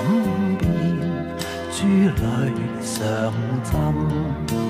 枕邊珠淚上枕。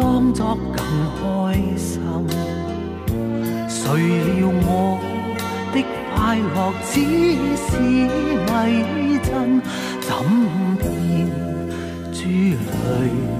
裝作更開心，誰料我的快樂只是偽真，怎見珠淚？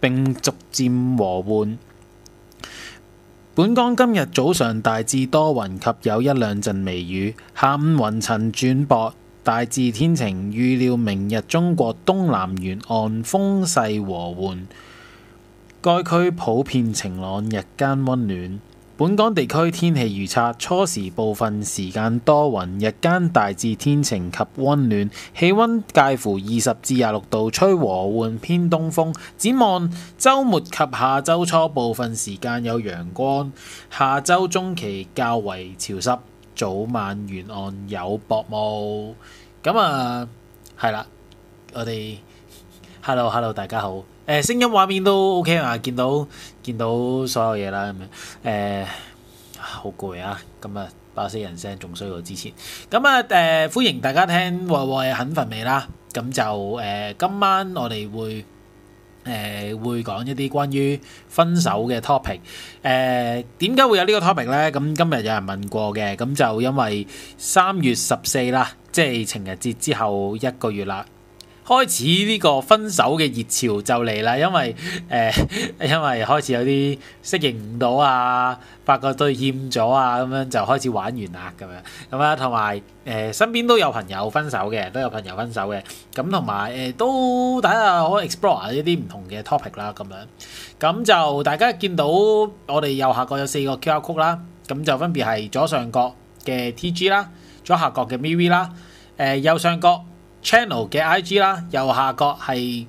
並逐漸和緩。本港今日早上大致多雲及有一兩陣微雨，下午雲層轉薄，大致天晴。預料明日中國東南沿岸風勢和緩，該區普遍晴朗，日間温暖。本港地區天氣預測：初時部分時間多雲，日間大致天晴及温暖，氣温介乎二十至廿六度，吹和緩偏東風。展望週末及下周初部分時間有陽光，下周中期較為潮濕，早晚沿岸有薄霧。咁啊，係啦，我哋 hello hello 大家好，誒、呃、聲音畫面都 OK 啊，見到。見到所有嘢啦咁樣，誒好攰啊！今日把死人聲仲衰過之前，咁啊誒歡迎大家聽喂喂喂肯瞓未啦，咁、嗯、就誒、呃、今晚我哋會誒、呃、會講一啲關於分手嘅 topic、呃。誒點解會有呢個 topic 咧？咁、嗯、今日有人問過嘅，咁、嗯、就因為三月十四啦，即係情人節之後一個月啦。開始呢個分手嘅熱潮就嚟啦，因為誒，因為開始有啲適應唔到啊，發覺都厭咗啊，咁樣就開始玩完啦咁樣，咁啊，同埋誒身邊都有朋友分手嘅，都有朋友分手嘅，咁同埋誒都大家可以 explore 一啲唔同嘅 topic 啦，咁樣，咁就大家見到我哋右下角有四個 QR Code 啦，咁就分別係左上角嘅 TG 啦，左下角嘅 MV 啦，誒右上角。Channel 嘅 IG 啦，右下角係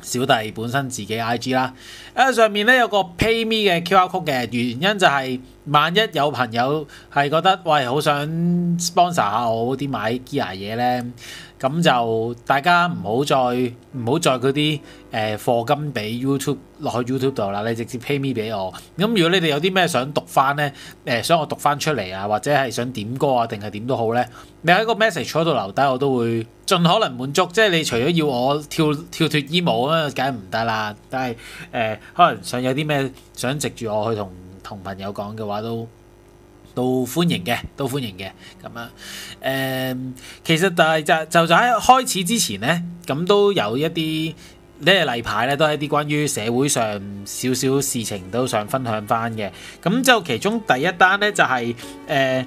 小弟本身自己 IG 啦，啊上面咧有個 pay me 嘅 QR code 嘅原因就係萬一有朋友係覺得喂，好想 sponsor 下我啲買 Gear 嘢咧。咁就大家唔好再唔好再嗰啲誒課金俾 YouTube 落去 YouTube 度啦，你直接 pay me 俾我。咁如果你哋有啲咩想讀翻咧，誒，想我讀翻出嚟啊，或者係想點歌啊，定係點都好咧，你喺個 message 喺度留低，我都會盡可能滿足。即係你除咗要我跳跳脫衣舞啊，梗係唔得啦。但係誒，可能想有啲咩想藉住我去同同朋友講嘅話都。都歡迎嘅，都歡迎嘅咁啊！誒、呃，其實但就係就就就喺開始之前呢，咁都有一啲咧例牌咧，都係一啲關於社會上少少事情都想分享翻嘅。咁就其中第一單呢，就係，就係誒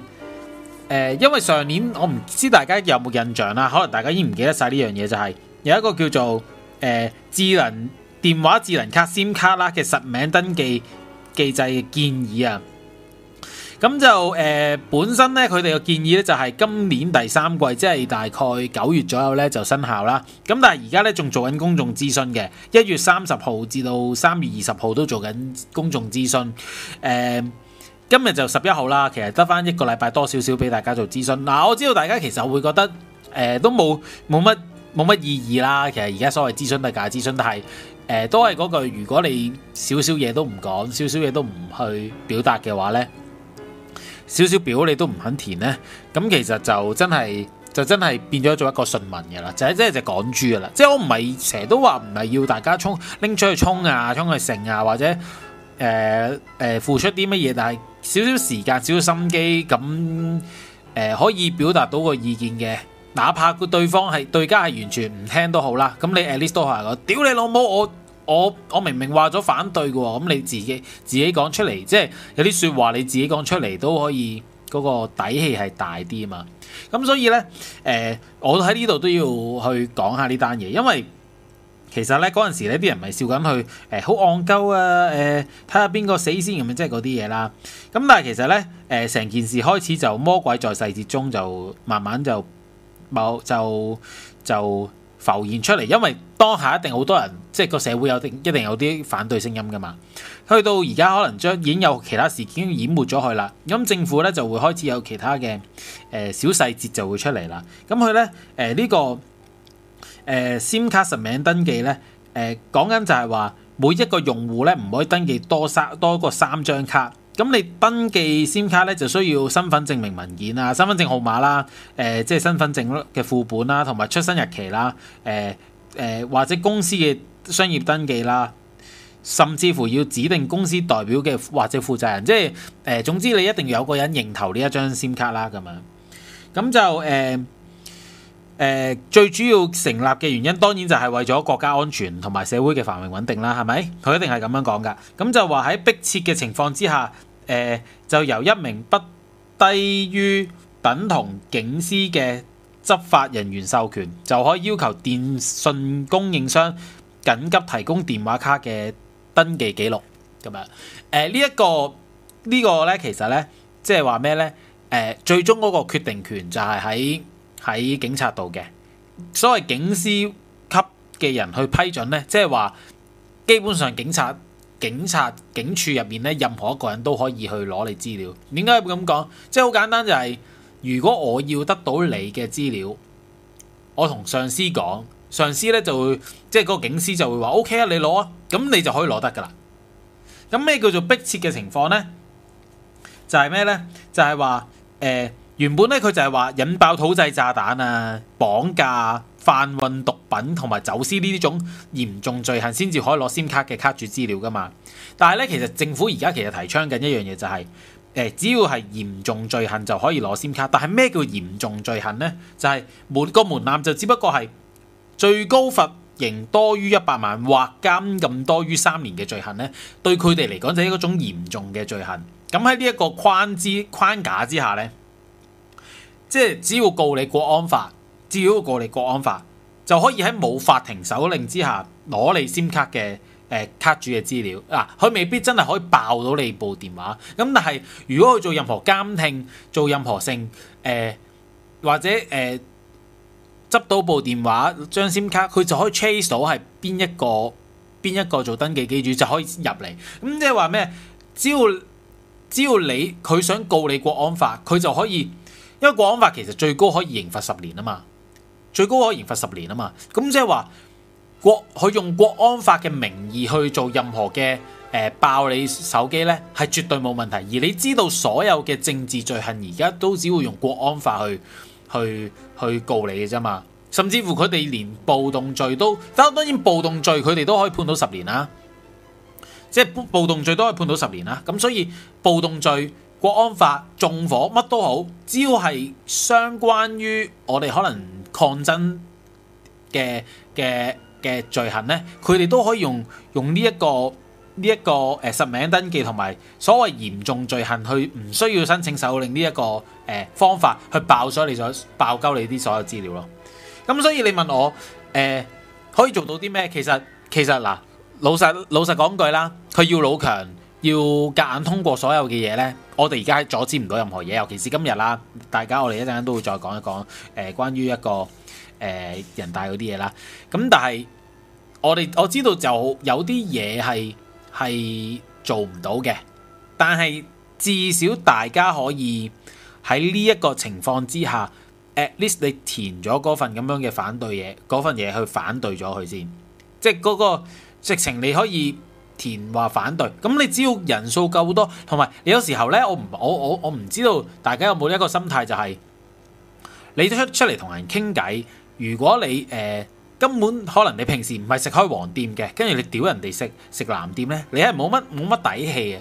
誒，因為上年我唔知大家有冇印象啦，可能大家已經唔記得晒呢樣嘢，就係、係、有一個叫做誒、呃、智能電話智能卡 SIM 卡啦嘅實名登記機制嘅建議啊！咁就誒、呃、本身咧，佢哋嘅建議咧就係今年第三季，即係大概九月左右咧就生效啦。咁但係而家咧仲做緊公眾諮詢嘅，一月三十號至到三月二十號都做緊公眾諮詢。誒、呃，今日就十一號啦，其實得翻一個禮拜多少少俾大家做諮詢。嗱、呃，我知道大家其實會覺得誒、呃、都冇冇乜冇乜意義啦。其實而家所謂諮詢都係假諮詢，但係誒、呃、都係嗰句，如果你少少嘢都唔講，少少嘢都唔去表達嘅話咧。少少表你都唔肯填呢，咁其實就真係，就真係變咗做一個信民嘅啦，就係真係就隻港豬嘅啦。即係我唔係成日都話唔係要大家衝拎出去衝啊，衝去成啊，或者誒誒、呃呃、付出啲乜嘢，但係少少時間少少心機咁誒、呃，可以表達到個意見嘅，哪怕個對方係對家係完全唔聽都好啦。咁你 at least 都係我屌你老母我。 我我明明話咗反對嘅喎，咁你自己自己講出嚟，即係有啲說話你自己講出嚟都可以嗰個底氣係大啲啊嘛，咁所以呢，誒、呃，我喺呢度都要去講下呢單嘢，因為其實呢，嗰陣時咧啲人咪笑緊去，誒、呃，好戇鳩啊，誒、呃，睇下邊個死先咁樣，即係嗰啲嘢啦，咁但係其實呢，誒、呃，成件事開始就魔鬼在細節中，就慢慢就冇就就。就就浮現出嚟，因為當下一定好多人，即係個社會有一定有啲反對聲音噶嘛。去到而家可能將已經有其他事件已經淹沒咗佢啦，咁政府咧就會開始有其他嘅誒、呃、小細節就會出嚟啦。咁佢咧誒呢、呃這個誒、呃、SIM 卡實名登記咧誒講緊就係話每一個用戶咧唔可以登記多，多三多過三張卡。咁你登記 SIM 卡咧就需要身份證明文件啊、身份證號碼啦、誒、呃、即係身份證嘅副本啦，同埋出生日期啦、誒、呃、誒、呃、或者公司嘅商業登記啦，甚至乎要指定公司代表嘅或者負責人，即係誒、呃、總之你一定要有個人認頭呢一張 SIM 卡啦咁樣，咁就誒。呃誒、呃、最主要成立嘅原因，當然就係為咗國家安全同埋社會嘅繁榮穩定啦，係咪？佢一定係咁樣講㗎。咁、嗯、就話喺迫切嘅情況之下，誒、呃、就由一名不低於等同警司嘅執法人員授權，就可以要求電信供應商緊急提供電話卡嘅登記記錄咁樣。誒呢一個呢個咧，其實咧，即係話咩咧？誒、呃、最終嗰個決定權就係喺。喺警察度嘅，所謂警司級嘅人去批准呢，即係話基本上警察、警察警署入面呢，任何一個人都可以去攞你資料。點解會咁講？即係好簡單，就係，就係如果我要得到你嘅資料，我同上司講，上司呢就會即係嗰個警司就會話，OK 啊，你攞啊，咁你就可以攞得噶啦。咁咩叫做迫切嘅情況呢？就係、係、咩呢？就係話誒。呃原本咧，佢就係話引爆土製炸彈啊、綁架、啊、販運毒品同埋走私呢啲種嚴重罪行先至可以攞簽卡 SIM 卡嘅卡主資料噶嘛。但係咧，其實政府而家其實提倡緊一樣嘢就係、是，誒、呃、只要係嚴重罪行就可以攞 SIM 卡。但係咩叫嚴重罪行呢？就係每個門檻就只不過係最高罰刑多於一百萬或監禁多於三年嘅罪行呢。對佢哋嚟講就係一種嚴重嘅罪行。咁喺呢一個框之框架之下咧。即係只要告你國安法，只要告你國安法，就可以喺冇法庭手令之下攞你 SIM 卡嘅，誒、呃、卡主嘅資料嗱，佢、啊、未必真係可以爆到你部電話咁。但係如果佢做任何監聽，做任何性，誒、呃、或者誒執、呃、到部電話張 SIM 卡，佢就可以 trace 到係邊一個邊一個做登記機主，就可以入嚟。咁、嗯、即係話咩？只要只要你佢想告你國安法，佢就可以。因為國安法其實最高可以刑罰十年啊嘛，最高可以刑罰十年啊嘛，咁即係話國佢用國安法嘅名義去做任何嘅誒、呃、爆你手機咧，係絕對冇問題。而你知道所有嘅政治罪行而家都只會用國安法去去去告你嘅啫嘛，甚至乎佢哋連暴動罪都，但當然暴動罪佢哋都可以判到十年啦，即係暴動罪都可以判到十年啦。咁所以暴動罪。國安法縱火乜都好，只要係相關於我哋可能抗爭嘅嘅嘅罪行呢，佢哋都可以用用呢、這、一個呢一、這個誒實名登記同埋所謂嚴重罪行去唔需要申請手令呢一個誒、呃、方法去爆咗你，你所爆鳩你啲所有資料咯。咁所以你問我誒、呃、可以做到啲咩？其實其實嗱，老實老實講句啦，佢要老強。要夾硬通過所有嘅嘢呢，我哋而家阻止唔到任何嘢，尤其是今日啦。大家我哋一陣間都會再講一講，誒、呃、關於一個誒、呃、人大嗰啲嘢啦。咁但係我哋我知道就有啲嘢係係做唔到嘅，但係至少大家可以喺呢一個情況之下，at least 你填咗嗰份咁樣嘅反對嘢，嗰份嘢去反對咗佢先，即係嗰、嗰個直情你可以。填話反對，咁你只要人數夠多，同埋你有時候呢，我唔，我我我唔知道大家有冇一個心態、就是，就係你出出嚟同人傾偈，如果你誒、呃、根本可能你平時唔係食開黃店嘅，跟住你屌人哋食食藍店呢，你係冇乜冇乜底氣嘅，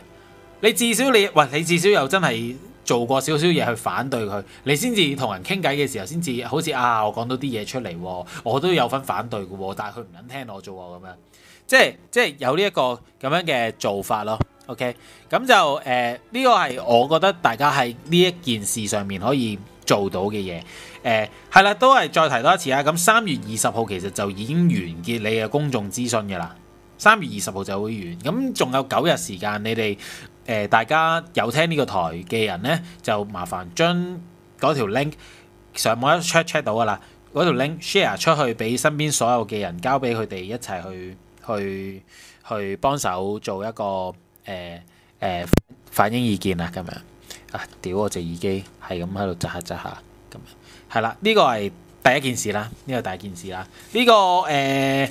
你至少你喂、呃、你至少又真係做過少少嘢去反對佢，你先至同人傾偈嘅時候，先至好似啊，我講到啲嘢出嚟，我都有份反對嘅，但係佢唔肯聽我做咁樣。即係即係有呢一個咁樣嘅做法咯，OK？咁就誒呢個係我覺得大家喺呢一件事上面可以做到嘅嘢，誒係啦，都係再提多一次啊！咁三月二十號其實就已經完結你嘅公眾諮詢噶啦，三月二十號就會完，咁仲有九日時間，你哋誒、呃、大家有聽呢個台嘅人呢，就麻煩將嗰條 link 上網一 check check 到噶啦，嗰條 link share 出去俾身邊所有嘅人，交俾佢哋一齊去。去去幫手做一個誒誒、呃呃、反映意見啊，咁樣啊！屌我隻耳機係咁喺度擳下擳下咁樣，係啦，呢個係第一件事啦，呢個大件事啦，呢、呢個誒誒、呃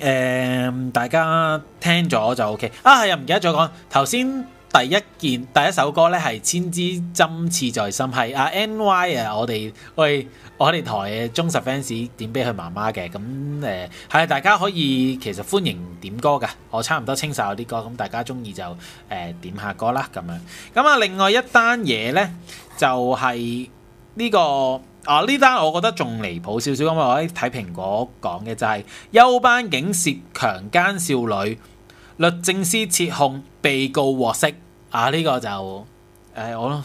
呃、大家聽咗就 OK 啊！又唔記得再講頭先。第一件，第一首歌咧，係千枝針刺在心，係阿 N.Y 啊，我哋我喂我哋台嘅忠實 fans 點俾佢媽媽嘅咁誒，係、呃、大家可以其實歡迎點歌噶，我差唔多清晒我啲歌，咁大家中意就誒、呃、點下歌啦咁樣。咁啊，另外一單嘢咧就係、是、呢、這個啊，呢單我覺得仲離譜少少咁，我喺睇蘋果講嘅就係、是、休班警涉強姦少女，律政司撤控，被告獲釋。啊！呢、這個就誒、呃、我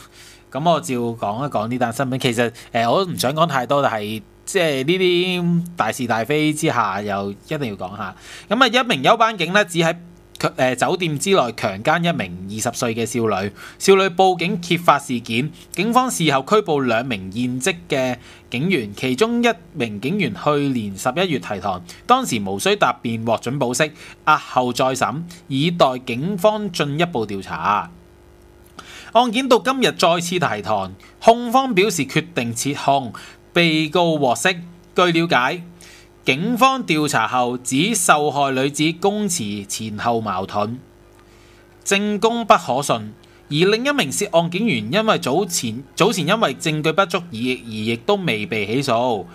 咁、嗯、我照講一講呢單新聞。其實誒、呃、我都唔想講太多，但係即係呢啲大是大非之下，又一定要講下。咁、嗯、啊，一名休班警呢，只喺誒、呃、酒店之內強姦一名二十歲嘅少女，少女報警揭發事件，警方事後拘捕兩名現職嘅警員，其中一名警員去年十一月提堂，當時無需答辯獲准保釋，押後再審，以待警方進一步調查。案件到今日再次提堂，控方表示決定撤控，被告獲釋，據了解，警方調查後指受害女子供詞前後矛盾，證供不可信。而另一名涉案警員因為早前早前因為證據不足而亦都未被起訴。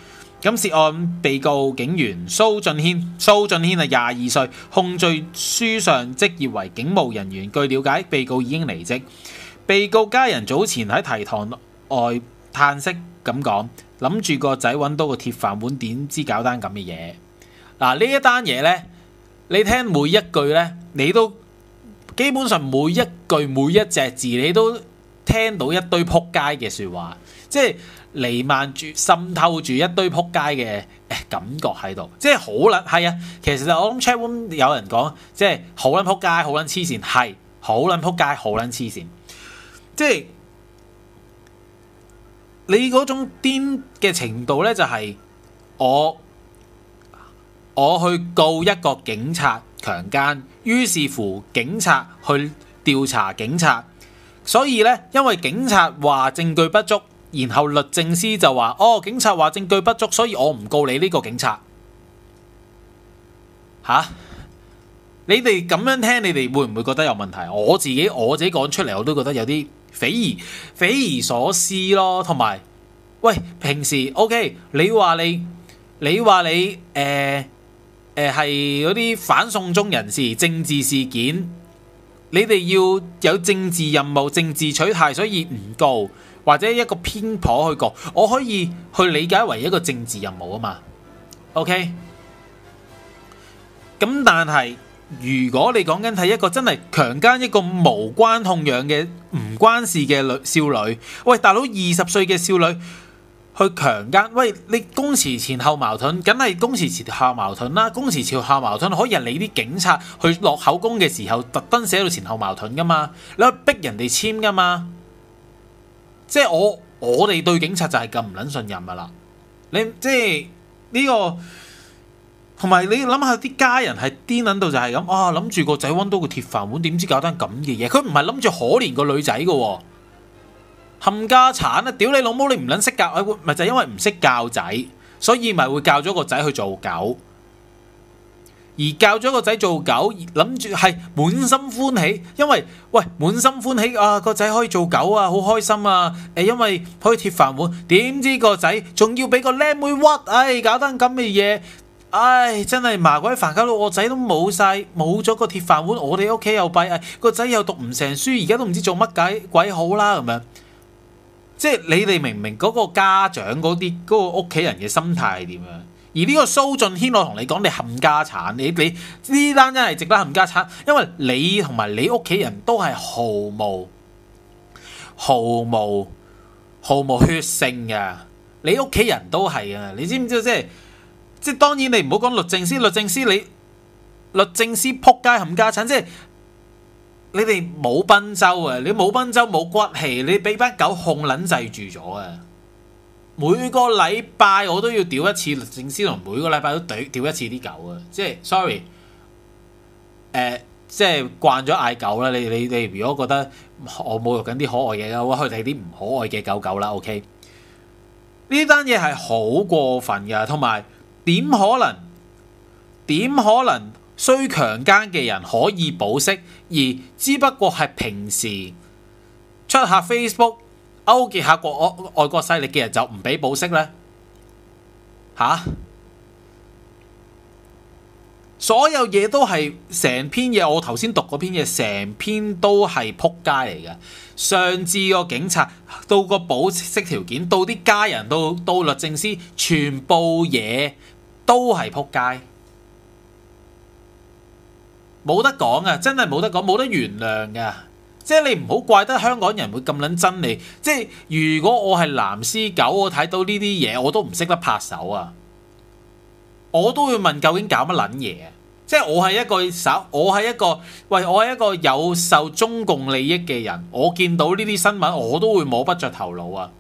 咁涉案被告警員蘇俊軒蘇俊軒係廿二歲，控罪書上職業為警務人員。據了解，被告已經離職。被告家人早前喺提堂外嘆息咁講，諗住個仔揾到個鐵飯碗，點知搞單咁嘅嘢？嗱、啊，呢一單嘢呢，你聽每一句呢，你都基本上每一句每一隻字，你都聽到一堆扑街嘅說話，即係彌漫住、滲透住一堆扑街嘅感覺喺度，即係好撚係啊！其實我諗 check room 有人講，即係好撚扑街，好撚黐線，係好撚扑街，好撚黐線。即係你嗰種癲嘅程度呢，就係我我去告一個警察強姦，於是乎警察去調查警察，所以呢，因為警察話證據不足，然後律政司就話哦，警察話證據不足，所以我唔告你呢個警察吓。你哋咁樣聽，你哋會唔會覺得有問題？我自己我自己講出嚟，我都覺得有啲。匪夷匪夷所思咯，同埋，喂，平時 OK，你話你你話你誒誒係嗰啲反送中人士政治事件，你哋要有政治任務、政治取態，所以唔告或者一個偏頗去告，我可以去理解為一個政治任務啊嘛，O K，咁但係。如果你講緊係一個真係強姦一個無關痛癢嘅唔關事嘅女少女，喂，大佬二十歲嘅少女去強姦，喂，你供詞前後矛盾，梗係供詞前後矛盾啦，供詞前，前後矛盾可以係你啲警察去落口供嘅時候特登寫到前後矛盾噶嘛，你去逼人哋簽噶嘛，即係我我哋對警察就係咁唔撚信任噶啦，你即係呢、這個。同埋，你諗下啲家人係癲，捻到就係咁啊，諗住個仔溫到個鐵飯碗，點知搞單咁嘅嘢？佢唔係諗住可憐個女仔噶，冚家鏟啊！屌你老母，你唔捻識教，咪就係因為唔識教仔，所以咪會教咗個仔去做狗，而教咗個仔做狗，諗住係滿心歡喜，因為喂滿心歡喜啊個仔可以做狗啊，好開心啊！誒，因為可以鐵飯碗，點知個仔仲要俾個靚妹屈，誒，搞單咁嘅嘢。唉，真係麻鬼煩，搞到我仔都冇晒，冇咗個鐵飯碗，我哋屋企又閉翳，個仔又讀唔成書，而家都唔知做乜鬼，鬼好啦咁樣。即係你哋明唔明嗰個家長嗰啲嗰個屋企人嘅心態係點樣？而呢個蘇俊軒，我同你講，你冚家產，你你呢單真係值得冚家產，因為你同埋你屋企人都係毫無、毫無、毫無血性嘅，你屋企人都係啊！你知唔知即係？即係當然，你唔好講律政司。律政司你，你律政司撲街冚家鏟，即係你哋冇賓州啊！你冇賓州冇骨氣，你俾班狗控撚制住咗啊！每個禮拜我都要屌一次律政司同每個禮拜都屌一次啲狗啊！即係 sorry，誒、呃，即係慣咗嗌狗啦。你你你，你如果覺得我侮辱緊啲可愛嘢嘅，我去睇啲唔可愛嘅狗狗啦。OK，呢單嘢係好過分㗎，同埋。點可能？點可能？衰強姦嘅人可以保釋，而只不過係平時出下 Facebook 勾結下國外國勢力嘅人就唔俾保釋呢？吓！所有嘢都係成篇嘢，我頭先讀嗰篇嘢，成篇都係撲街嚟嘅。上至個警察，到個保釋條件，到啲家人，到到律政司，全部嘢。都係撲街，冇得講啊！真係冇得講，冇得原諒噶。即係你唔好怪得香港人會咁撚憎你。即係如果我係藍絲狗，我睇到呢啲嘢，我都唔識得拍手啊！我都會問究竟搞乜撚嘢啊！即係我係一個手，我係一個喂，我係一個有受中共利益嘅人，我見到呢啲新聞，我都會摸不着頭腦啊！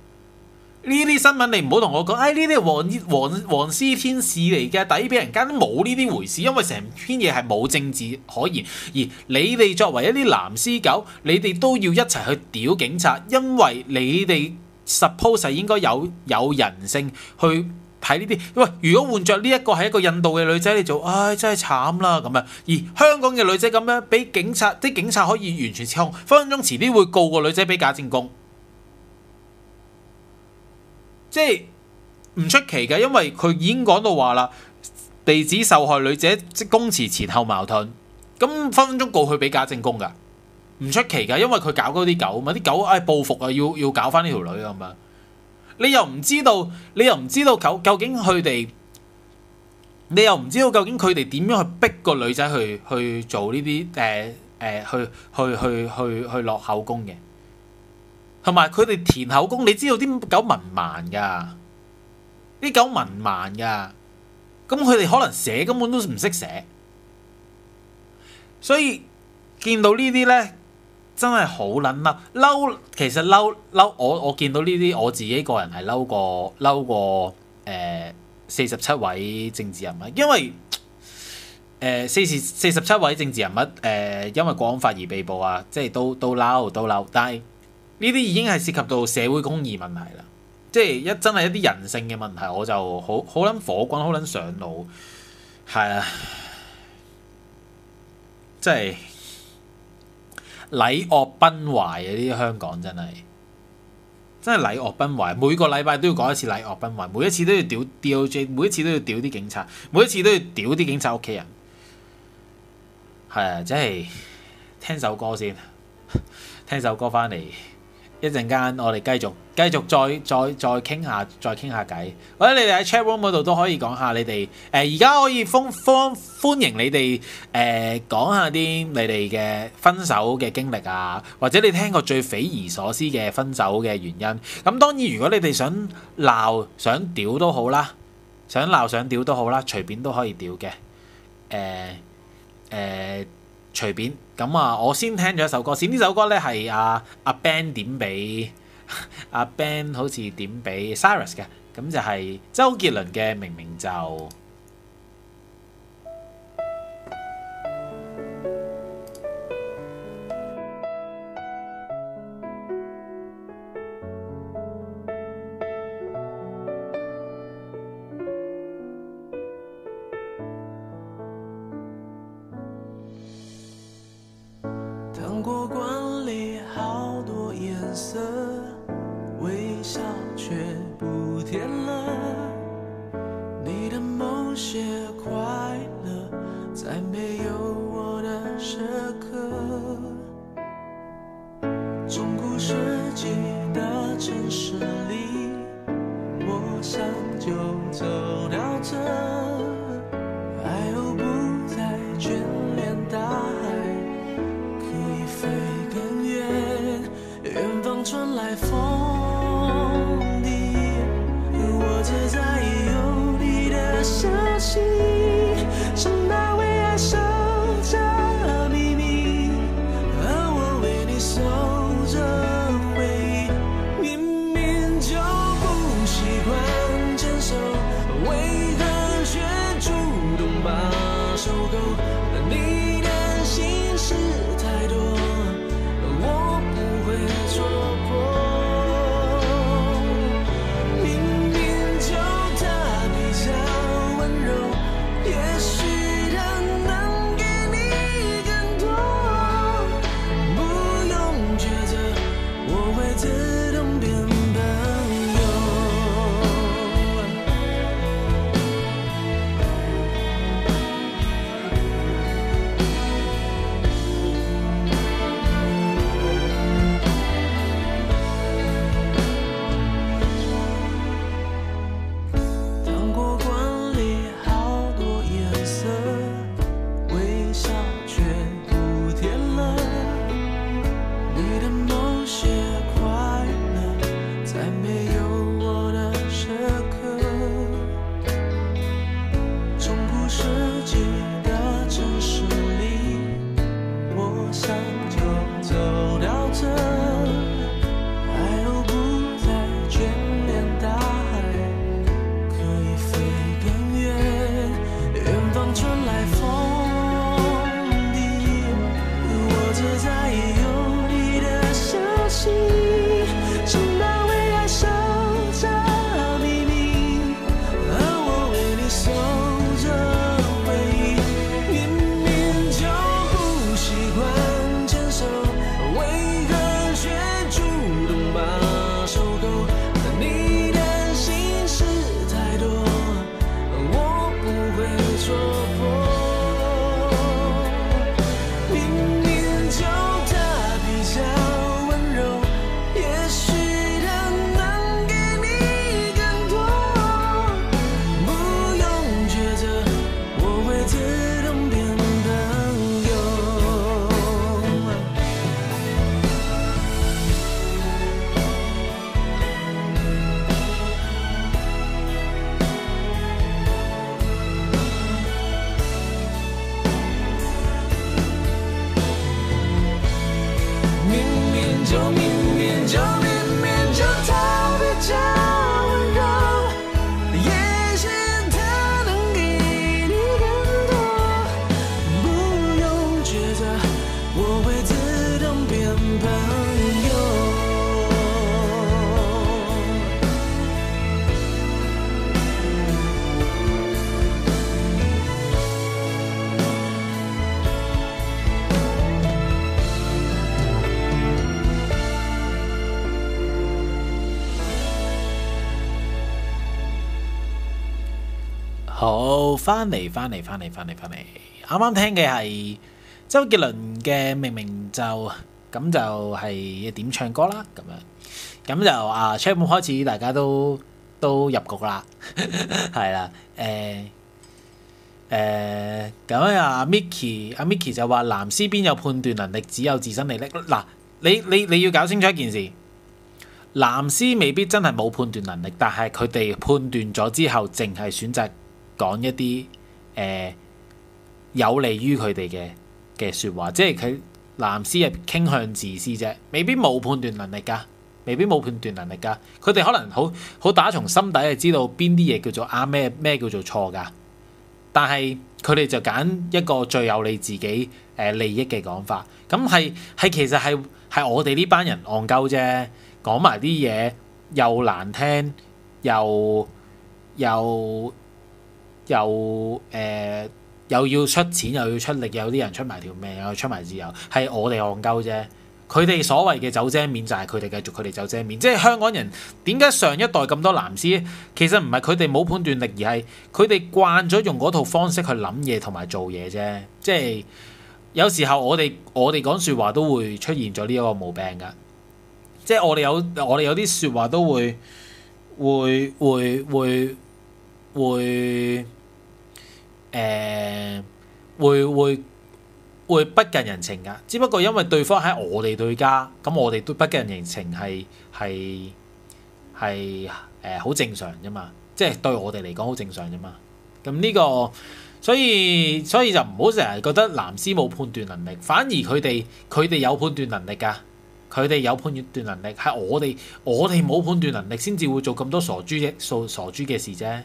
呢啲新聞你唔好同我講，哎呢啲黃黃黃絲天使嚟嘅，抵俾人間都冇呢啲回事，因為成篇嘢係冇政治可言。而你哋作為一啲藍絲狗，你哋都要一齊去屌警察，因為你哋 suppose 係應該有有人性去睇呢啲。喂，如果換着呢一個係一個印度嘅女仔你就唉、哎，真係慘啦咁啊！而香港嘅女仔咁樣俾警察，啲警察可以完全操控，分分鐘遲啲會告個女仔俾假證供。即係唔出奇嘅，因為佢已經講到話啦，地址受害女者即公詞前後矛盾，咁分分鐘告佢俾假證供噶，唔出奇噶，因為佢搞鳩啲狗啊嘛，啲狗唉、哎、報復啊，要要搞翻呢條女啊嘛，你又唔知道，你又唔知道狗究竟佢哋，你又唔知道究竟佢哋點樣去逼個女仔去去做呢啲誒誒去去去去去落口供嘅。同埋佢哋填口供，你知道啲狗文盲㗎，啲狗文盲㗎，咁佢哋可能寫根本都唔識寫，所以見到呢啲呢，真係好撚嬲！嬲，其實嬲嬲，我我見到呢啲我自己個人係嬲過嬲過誒四十七位政治人物，因為誒四十四十七位政治人物誒、呃、因為國安法而被捕啊，即係都都嬲都嬲，但係。呢啲已經係涉及到社會公義問題啦，即係一真係一啲人性嘅問題，我就好好撚火滾，好撚上腦，係啊，即係禮樂崩壞啊！呢啲香港真係真係禮樂崩壞，每個禮拜都要講一次禮樂崩壞，每一次都要屌 DOJ，每一次都要屌啲警察，每一次都要屌啲警察屋企人，係啊，即係聽首歌先，聽首歌返嚟。一陣間，我哋繼續繼續再再再傾下，再傾下偈。或者、哎、你哋喺 chat room 嗰度都可以講下你哋。誒、呃，而家可以歡歡歡迎你哋誒講下啲你哋嘅分手嘅經歷啊，或者你聽過最匪夷所思嘅分手嘅原因。咁當然，如果你哋想鬧、想屌都好啦，想鬧、想屌都好啦，隨便都可以屌嘅。誒、呃、誒，隨、呃、便。咁啊，我先聽咗一首歌先，呢首歌咧係阿阿 Ben 點俾阿、啊、Ben 好似點俾 Cyrus 嘅，咁就係周杰倫嘅《明明就》。過慣裏好多顏色，微笑卻不甜了。翻嚟翻嚟翻嚟翻嚟翻嚟，啱啱聽嘅係周杰倫嘅明明就，咁就係點唱歌啦咁樣，咁就啊出門開始大家都都入局啦，係啦，誒誒，咁啊 Mickey 阿 Mickey 就話藍絲邊有判斷能力，只有自身能力嗱、啊，你你你要搞清楚一件事，藍絲未必真係冇判斷能力，但係佢哋判斷咗之後，淨係選擇。講一啲誒、呃、有利於佢哋嘅嘅説話，即係佢藍絲係傾向自私啫，未必冇判斷能力㗎，未必冇判斷能力㗎。佢哋可能好好打從心底係知道邊啲嘢叫做啱咩咩叫做錯㗎，但係佢哋就揀一個最有利自己誒、呃、利益嘅講法。咁係係其實係係我哋呢班人戇鳩啫，講埋啲嘢又難聽又又。又又誒、呃、又要出錢又要出力，有啲人出埋條命，又出埋自由，係我哋戇鳩啫。佢哋所謂嘅走遮面就係佢哋繼續佢哋走遮面。即係香港人點解上一代咁多藍絲？其實唔係佢哋冇判斷力，而係佢哋慣咗用嗰套方式去諗嘢同埋做嘢啫。即係有時候我哋我哋講説話都會出現咗呢一個毛病㗎。即係我哋有我哋有啲説話都會會會會。會會會誒會會會不近人情噶，只不過因為對方喺我哋對家，咁我哋都不近人情係係係誒好正常啫嘛，即係對我哋嚟講好正常啫嘛。咁呢、這個所以所以就唔好成日覺得藍絲冇判斷能力，反而佢哋佢哋有判斷能力噶，佢哋有判斷能力係我哋我哋冇判斷能力先至會做咁多傻豬嘅傻豬嘅事啫。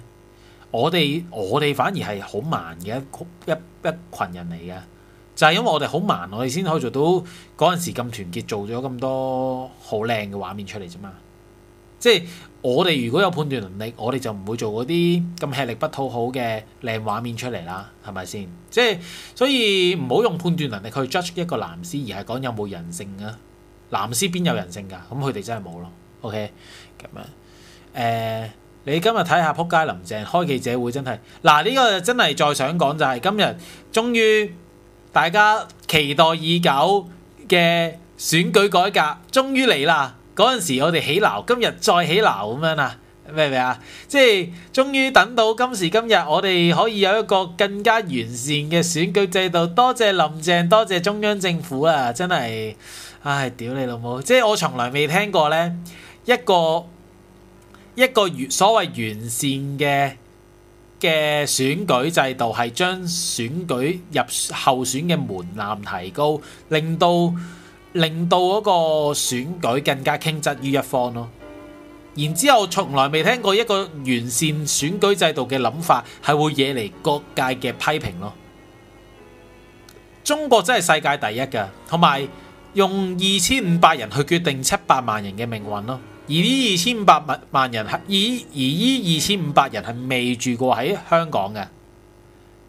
我哋我哋反而係好慢嘅一一一群人嚟嘅，就係、是、因為我哋好慢，我哋先可以做到嗰陣時咁團結，做咗咁多好靚嘅畫面出嚟啫嘛。即係我哋如果有判斷能力，我哋就唔會做嗰啲咁吃力不討好嘅靚畫面出嚟啦，係咪先？即係所以唔好用判斷能力去 judge 一個藍絲，而係講有冇人性啊？藍絲邊有人性㗎？咁佢哋真係冇咯。OK，咁樣誒。呃你今日睇下扑街林鄭開記者會真係，嗱，呢個真係再想講就係今日終於大家期待已久嘅選舉改革終於嚟啦！嗰陣時我哋起鬧，今日再起鬧咁樣啊？咩咩啊？即係終於等到今時今日，我哋可以有一個更加完善嘅選舉制度。多謝林鄭，多謝中央政府啊！真係唉，屌你老母！即係我從來未聽過呢一個。一個所謂完善嘅嘅選舉制度係將選舉入候選嘅門檻提高，令到令到嗰個選舉更加傾側於一方咯。然之後從來未聽過一個完善選舉制度嘅諗法係會惹嚟各界嘅批評咯。中國真係世界第一㗎，同埋用二千五百人去決定七百萬人嘅命運咯。而呢二千五百萬萬人係，而而呢二千五百人係未住過喺香港嘅，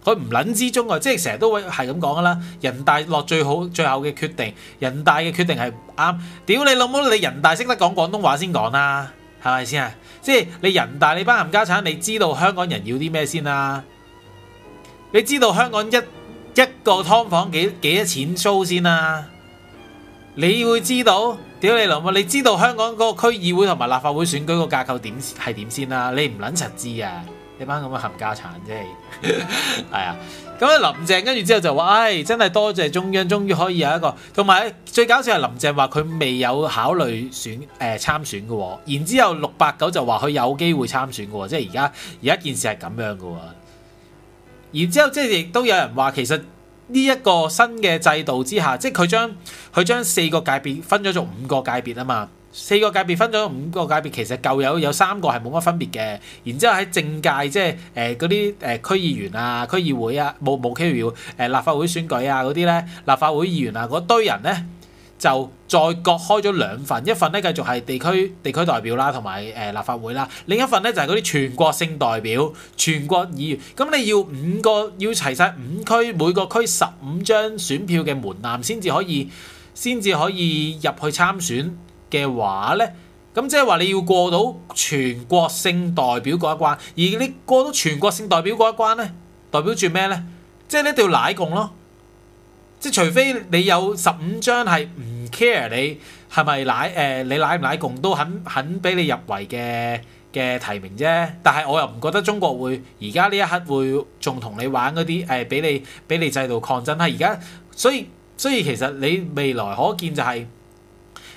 佢唔撚之中啊！即係成日都會係咁講噶啦，人大落最好最後嘅決定，人大嘅決定係唔啱。屌你老母，你人大識得講廣東話先講啦，係咪先啊？是是即係你人大你班冚家產，你知道香港人要啲咩先啊？你知道香港一一個劏房幾幾多錢租先啊？你會知道？屌你諗啊，你知道香港嗰個區議會同埋立法會選舉個架構點係點先啦？你唔撚實知你 啊？一班咁嘅冚家鏟啫，係啊！咁啊，林鄭跟住之後就話：唉、哎，真係多謝中央，終於可以有一個。同埋最搞笑係林鄭話佢未有考慮選誒、呃、參選嘅，然之後六八九就話佢有機會參選嘅，即係而家而一件事係咁樣嘅。然之後即係亦都有人話其實。呢一個新嘅制度之下，即係佢將佢將四個界別分咗做五個界別啊嘛，四個界別分咗五個界別，其實舊有有三個係冇乜分別嘅，然之後喺政界即係誒嗰啲誒區議員啊、區議會啊、冇冇區議會誒立法會選舉啊嗰啲咧，立法會議員啊嗰堆人咧。就再各開咗兩份，一份咧繼續係地區地區代表啦，同埋誒立法會啦，另一份咧就係嗰啲全國性代表、全國議員。咁你要五個要齊晒五區每個區十五張選票嘅門檻先至可以，先至可以入去參選嘅話咧，咁即係話你要過到全國性代表嗰一關，而你過到全國性代表嗰一關咧，代表住咩咧？即係呢條奶共咯。即除非你有十五張係唔 care 你係咪奶，誒你奶唔奶共都肯肯俾你入圍嘅嘅提名啫，但係我又唔覺得中國會而家呢一刻會仲同你玩嗰啲誒俾你俾你制度抗爭啦而家，所以所以其實你未來可見就係、是、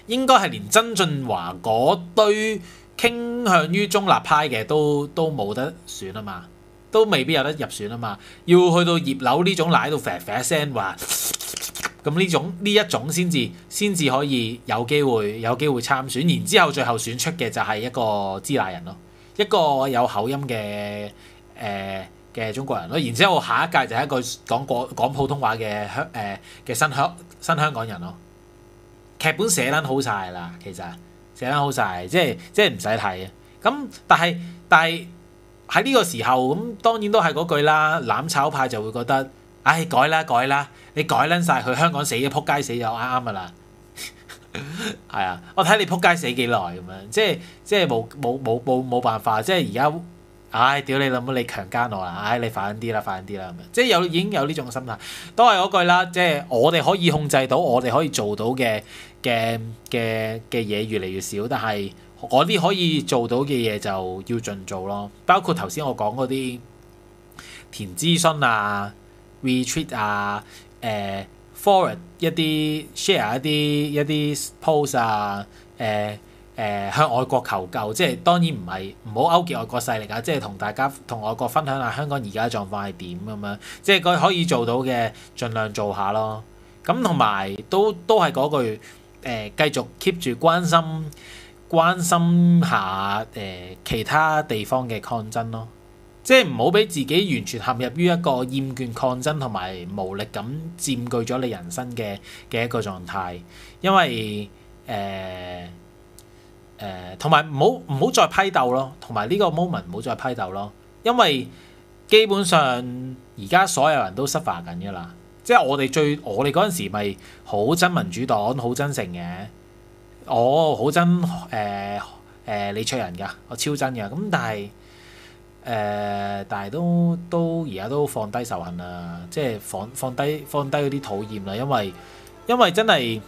應該係連曾俊華嗰堆傾向於中立派嘅都都冇得選啊嘛～都未必有得入選啊嘛，要去到葉劉呢種奶到啡啡聲話，咁呢種呢一種先至先至可以有機會有機會參選，然之後最後選出嘅就係一個支那人咯，一個有口音嘅誒嘅中國人咯，然之後下一屆就係一個講國講普通話嘅香誒嘅新香新香港人咯，劇本寫得好晒啦，其實寫得好晒，即係即係唔使睇嘅，咁但係但係。但喺呢個時候咁，當然都係嗰句啦。攬炒派就會覺得，唉，改啦改啦，你改撚晒去香港死嘅，撲街死就啱啱噶啦。係啊， 我睇你撲街死幾耐咁樣，即係即係冇冇冇冇冇辦法。即係而家，唉，屌你老母，你強姦我啦！唉，你快啲啦，快啲啦咁樣。即係有已經有呢種心態，都係嗰句啦。即係我哋可以控制到，我哋可以做到嘅嘅嘅嘅嘢越嚟越少，但係。我啲可以做到嘅嘢就要盡做咯，包括頭先我講嗰啲填諮詢啊、retweet 啊、誒、呃、forward 一啲 share 一啲一啲 post 啊、誒、呃、誒、呃、向外國求救，即係當然唔係唔好勾結外國勢力啊，即係同大家同外國分享下香港而家狀況係點咁樣，即係佢可以做到嘅，盡量做下咯。咁同埋都都係嗰句誒，繼、呃、續 keep 住關心。關心下誒、呃、其他地方嘅抗爭咯，即係唔好俾自己完全陷入於一個厭倦抗爭同埋無力咁佔據咗你人生嘅嘅一個狀態，因為誒誒，同埋唔好唔好再批鬥咯，同埋呢個 moment 唔好再批鬥咯，因為基本上而家所有人都 suffer 緊噶啦，即係我哋最我哋嗰陣時咪好憎民主黨好真誠嘅。哦，好憎誒誒李卓人噶，我超憎噶。咁但係誒，但係、呃、都都而家都放低仇恨啦，即係放放低放低嗰啲討厭啦。因為因為真係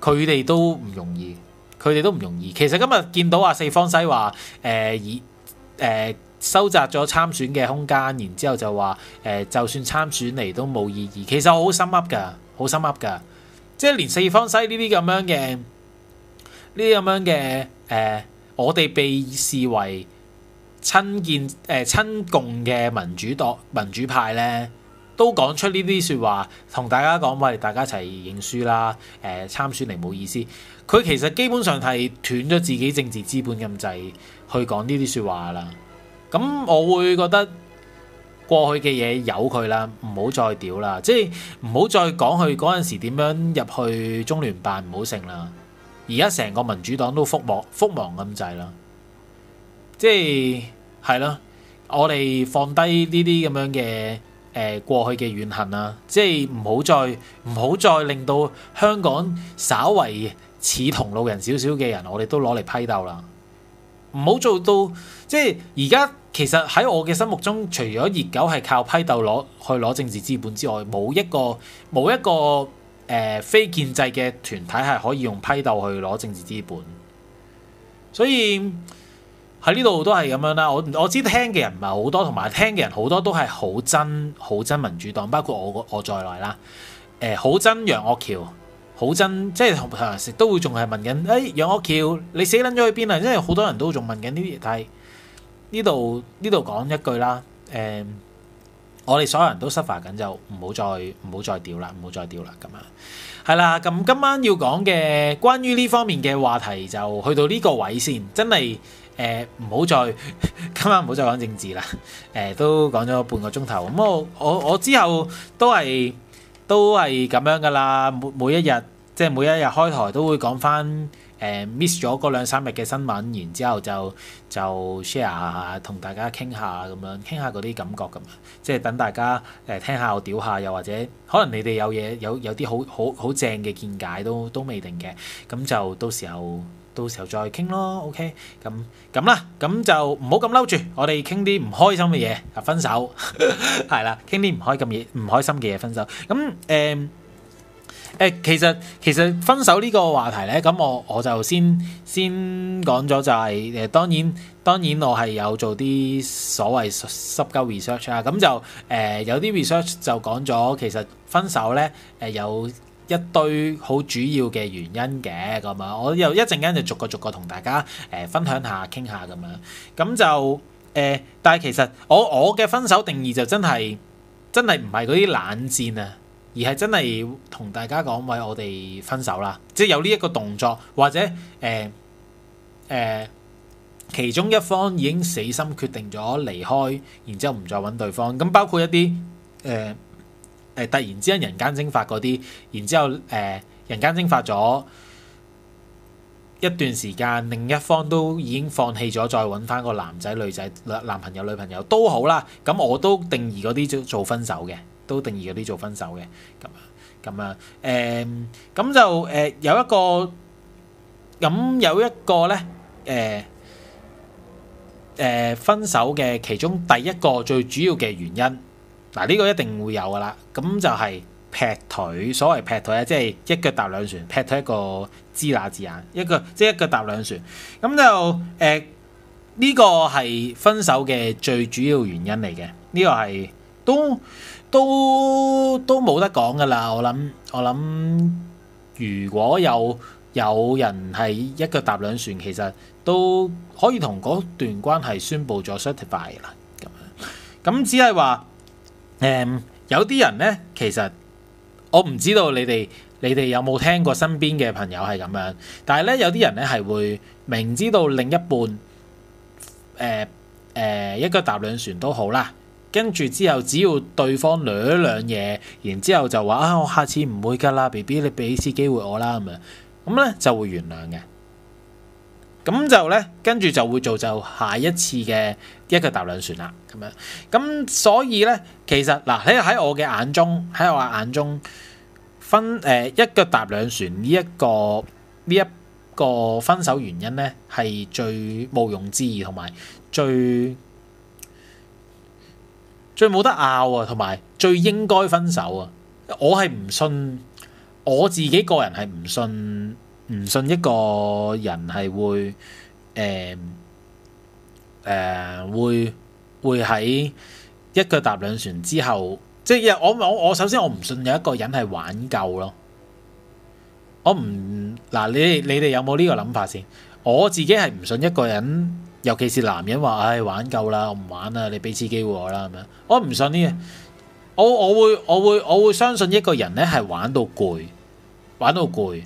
佢哋都唔容易，佢哋都唔容易。其實今日見到阿、啊、四方西話誒、呃、以誒、呃、收窄咗參選嘅空間，然之後就話誒、呃、就算參選嚟都冇意義。其實我好心噏噶，好心噏噶，即係連四方西呢啲咁樣嘅。呢啲咁樣嘅誒、呃，我哋被視為親建誒親、呃、共嘅民主黨民主派咧，都講出呢啲説話，同大家講：喂，大家一齊認輸啦！誒、呃，參選嚟冇意思。佢其實基本上係斷咗自己政治資本咁滯、就是、去講呢啲説話啦。咁我會覺得過去嘅嘢由佢啦，唔好再屌啦，即係唔好再講佢嗰陣時點樣入去中聯辦，唔好剩啦。而家成個民主黨都覆亡覆亡咁滯啦，即係係咯，我哋放低呢啲咁樣嘅誒、呃、過去嘅怨恨啊，即係唔好再唔好再令到香港稍為似同路人少少嘅人，我哋都攞嚟批鬥啦，唔好做到即係而家其實喺我嘅心目中，除咗熱狗係靠批鬥攞去攞政治資本之外，冇一個冇一個。誒、呃、非建制嘅團體係可以用批鬥去攞政治資本，所以喺呢度都係咁樣啦。我我知聽嘅人唔係好多，同埋聽嘅人好多都係好憎，好憎民主黨，包括我我在內啦。誒、呃，好憎楊岳橋，好憎即係同啊，都會仲係問緊，誒、哎、楊岳橋你死撚咗去邊啦？因為好多人都仲問緊呢啲，但係呢度呢度講一句啦，誒、呃。我哋所有人都 suffer 緊，就唔好再唔好再調啦，唔好再調啦咁樣，係啦。咁今晚要講嘅關於呢方面嘅話題就去到呢個位先，真係誒唔好再今晚唔好再講政治啦。誒、呃、都講咗半個鐘頭，咁、嗯、我我我之後都係都係咁樣噶啦。每每一日即係每一日開台都會講返。誒 miss 咗嗰兩三日嘅新聞，然之後就就 share 下同大家傾下咁樣，傾下嗰啲感覺咁樣，即係等大家誒聽下我屌下，又或者可能你哋有嘢有有啲好好好正嘅見解都都未定嘅，咁就到時候到時候再傾咯，OK？咁咁啦，咁就唔好咁嬲住，我哋傾啲唔開心嘅嘢，啊分手，係啦，傾啲唔開咁嘢，唔開心嘅嘢分手，咁誒。誒，其實、就是 research，呃、其實分手呢個話題咧，咁我我就先先講咗就係誒，當然當然我係有做啲所謂濕鳩 research 啊，咁就誒有啲 research 就講咗，其實分手咧誒有一堆好主要嘅原因嘅咁啊，我又一陣間就逐個逐個同大家誒、呃、分享下，傾下咁樣，咁就誒、呃，但係其實我我嘅分手定義就真係真係唔係嗰啲冷戰啊。而係真係同大家講喂，我哋分手啦！即係有呢一個動作，或者誒誒、呃呃，其中一方已經死心決定咗離開，然之後唔再揾對方。咁包括一啲誒誒，突然之間人間蒸發嗰啲，然之後誒、呃、人間蒸發咗一段時間，另一方都已經放棄咗再揾翻個男仔女仔、男朋友女朋友都好啦。咁我都定義嗰啲做分手嘅。都定義嗰啲做分手嘅。咁咁啊，誒咁就誒、欸、有一個咁有一個咧誒誒，分手嘅其中第一個最主要嘅原因嗱，呢、啊呢個一定會有噶啦，咁就係劈腿。所謂劈腿咧，即係一腳踏兩船，劈腿一個知冷字眼，一個即係一腳踏兩船，咁就誒呢、欸呢個係分手嘅最主要原因嚟嘅呢個係都。都都冇得講噶啦，我諗我諗，如果有有人係一腳踏兩船，其實都可以同嗰段關係宣布咗 certify 啦。咁樣，咁只係話，誒、呃，有啲人咧，其實我唔知道你哋你哋有冇聽過身邊嘅朋友係咁樣，但係咧有啲人咧係會明知道另一半，誒、呃、誒、呃，一腳踏兩船都好啦。跟住之後，只要對方掠一兩嘢，然之後就話啊，我下次唔會㗎啦，B B 你俾次機會我啦咁樣，咁咧就會原諒嘅。咁就咧，跟住就會做就下一次嘅一腳踏兩船啦。咁樣，咁所以咧，其實嗱喺喺我嘅眼中，喺我眼中分誒、呃、一腳踏兩船呢一個呢一個分手原因咧，係最毋庸置疑同埋最。最冇得拗啊，同埋最應該分手啊！我係唔信我自己個人，係唔信唔信一個人係會誒誒、呃呃、會會喺一腳踏兩船之後，即係我我我首先我唔信有一個人係玩夠咯。我唔嗱，你你哋有冇呢個諗法先？我自己係唔信一個人。尤其是男人話，唉玩夠啦，我唔玩啦，你俾次機會我啦咁樣，我唔信呢嘢，我我會我會我會相信一個人咧係玩到攰，玩到攰，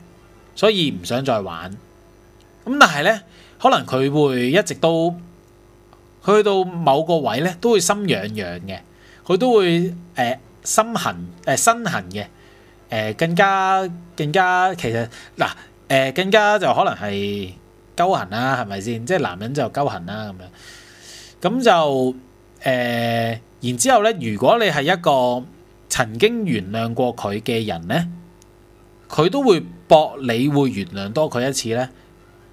所以唔想再玩。咁但係咧，可能佢會一直都，佢去到某個位咧，都會心癢癢嘅，佢都會誒、呃、心痕誒身痕嘅，誒、呃呃、更加更加其實嗱誒、呃呃、更加就可能係。勾痕啦、啊，係咪先？即係男人就勾痕啦、啊，咁樣。咁就誒、呃，然之後咧，如果你係一個曾經原諒過佢嘅人呢，佢都會博你會原諒多佢一次呢，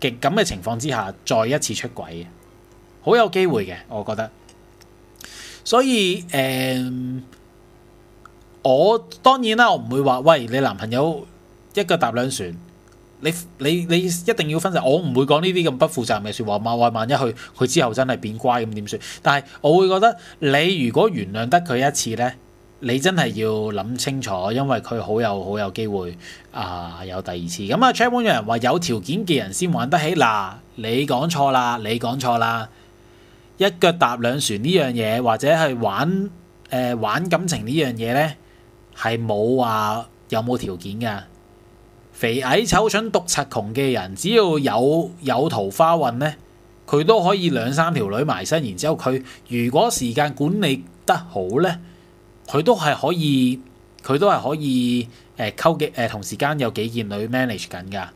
極咁嘅情況之下，再一次出軌，好有機會嘅，我覺得。所以誒、呃，我當然啦，我唔會話喂，你男朋友一腳踏兩船，你你你一定要分手，我唔會講呢啲咁不負責任嘅説話。萬一佢佢之後真係變乖咁點算？但係我會覺得你如果原諒得佢一次呢，你真係要諗清楚，因為佢好有好有機會啊、呃、有第二次。咁啊，ChatOne 有人話有條件嘅人先玩得起，嗱，你講錯啦，你講錯啦！一腳踏兩船呢樣嘢，或者係玩誒、呃、玩感情呢樣嘢呢，係冇話有冇、啊、條件㗎。肥矮醜蠢獨拆窮嘅人，只要有有桃花運咧，佢都可以兩三條女埋身。然之後佢如果時間管理得好咧，佢都係可以，佢都係可以誒溝幾誒同時間有幾件女 manage 緊，噶。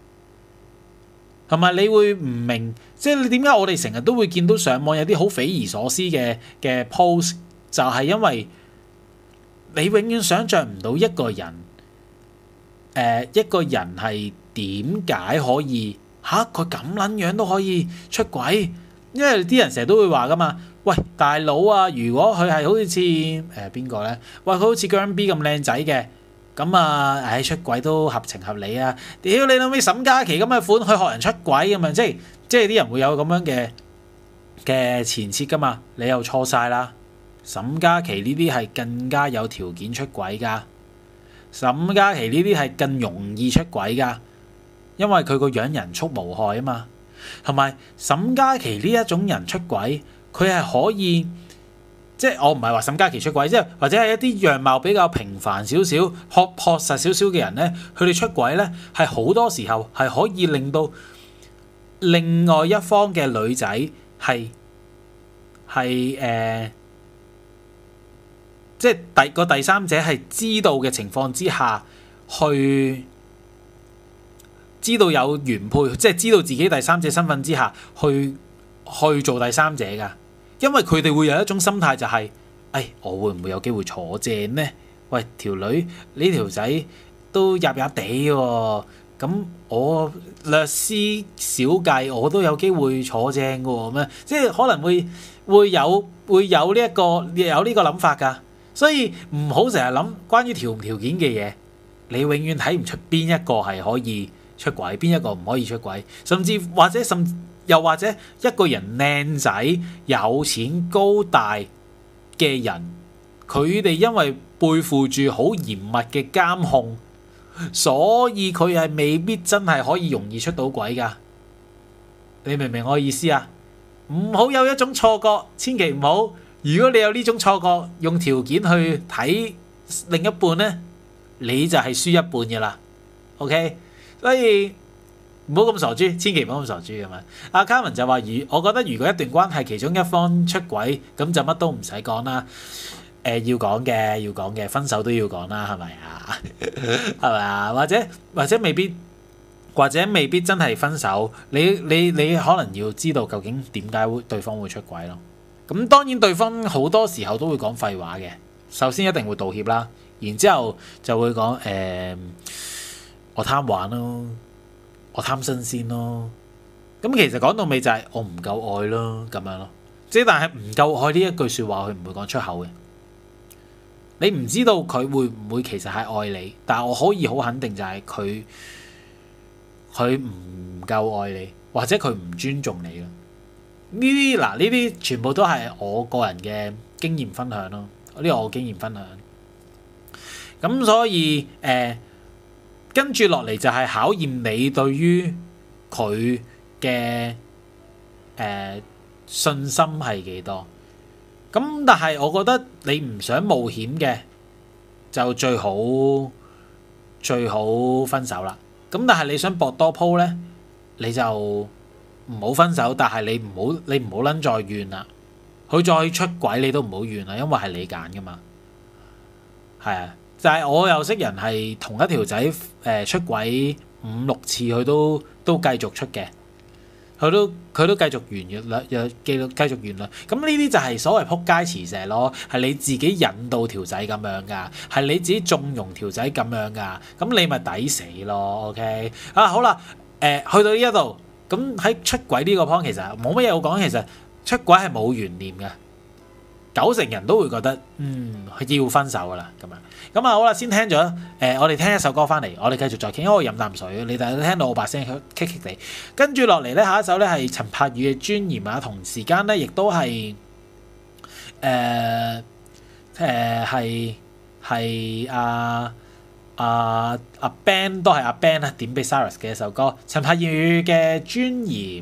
同埋你會唔明，即係你點解我哋成日都會見到上網有啲好匪夷所思嘅嘅 post 就係因為你永遠想象唔到一個人。誒一個人係點解可以嚇佢咁撚樣都可以出軌？因為啲人成日都會話噶嘛，喂大佬啊！如果佢係好似誒邊個咧？喂佢好似姜 B 咁靚仔嘅，咁啊唉出軌都合情合理啊！屌你老味沈嘉琪咁嘅款去學人出軌咁樣，即係即係啲人會有咁樣嘅嘅前設噶嘛？你又錯曬啦！沈嘉琪呢啲係更加有條件出軌噶。沈嘉琪呢啲係更容易出軌㗎，因為佢個樣人畜無害吖嘛，同埋沈嘉琪呢一種人出軌，佢係可以，即係我唔係話沈嘉琪出軌，即係或者係一啲樣貌比較平凡少少、學樸實少少嘅人呢，佢哋出軌呢係好多時候係可以令到另外一方嘅女仔係係誒。即係第個第三者係知道嘅情況之下，去知道有原配，即係知道自己第三者身份之下去去做第三者噶。因為佢哋會有一種心態、就係，就係，誒，我會唔會有機會坐正呢？喂，條女呢條仔都入入地喎，咁我略施小計，我都有機會坐正噶咩、哦？即係可能會會有會有呢、呢、一個有呢個諗法噶。所以唔好成日諗關於條唔條件嘅嘢，你永遠睇唔出邊一個係可以出軌，邊一個唔可以出軌，甚至或者甚，又或者一個人靚仔、有錢、高大嘅人，佢哋因為背負住好嚴密嘅監控，所以佢係未必真係可以容易出到軌噶。你明唔明我意思啊？唔好有一種錯覺，千祈唔好。如果你有呢種錯覺，用條件去睇另一半呢，你就係輸一半嘅啦。OK，所以唔好咁傻豬，千祈唔好咁傻豬嘅嘛。阿卡文就話：如我覺得，如果一段關係其中一方出軌，咁就乜都唔使講啦。誒，要講嘅要講嘅，分手都要講啦，係咪啊？係咪啊？或者或者未必，或者未必真係分手。你你你可能要知道究竟點解會對方會出軌咯。咁當然對方好多時候都會講廢話嘅，首先一定會道歉啦，然之後就會講誒我貪玩咯，我貪新鮮咯，咁其實講到尾就係我唔夠愛咯，咁樣咯，即但係唔夠愛呢一句説話，佢唔會講出口嘅。你唔知道佢會唔會其實係愛你，但我可以好肯定就係佢佢唔夠愛你，或者佢唔尊重你啦。呢啲嗱，呢啲全部都係我個人嘅經驗分享咯，呢個我經驗分享。咁所以誒，跟住落嚟就係考驗你對於佢嘅誒信心係幾多。咁但係我覺得你唔想冒險嘅，就最好最好分手啦。咁但係你想搏多鋪咧，你就～唔好分手，但係你唔好你唔好撚再怨啦。佢再出軌，你都唔好怨啦，因為係你揀噶嘛。係啊，就係、是、我又識人係同一條仔誒出軌五六次，佢都都繼續出嘅。佢都佢都繼續原諒嘅啦，又繼續繼續原諒啦。咁呢啲就係所謂撲街磁石咯，係你自己引導條仔咁樣噶，係你自己縱容條仔咁樣噶。咁你咪抵死咯，OK？啊好啦，誒、呃、去到呢一度。咁喺出軌呢個 point 其實冇乜嘢好講，其實出軌係冇懸念嘅，九成人都會覺得嗯，要分手噶啦咁樣。咁啊好啦，先聽咗誒，我哋聽一首歌翻嚟，我哋繼續再傾，因為我飲啖水，你就聽到我把聲佢噎噎地。跟住落嚟呢，下一首呢係陳柏宇嘅《尊嚴》啊，同時間呢亦都係誒誒係係啊。啊阿、uh, Ben 都係阿 Ben 啊，點俾 Sarah 嘅一首歌《陳柏宇嘅尊嚴》。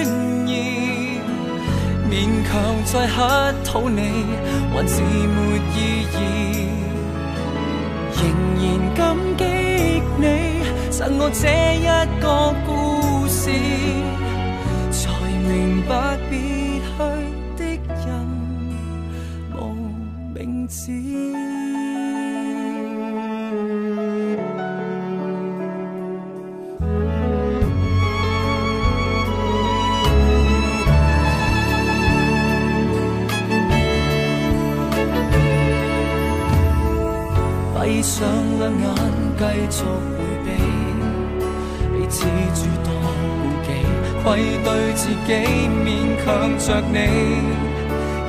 勉強再乞討，你還是沒意義。仍然感激你，贈我這一個故事，才明白。着你，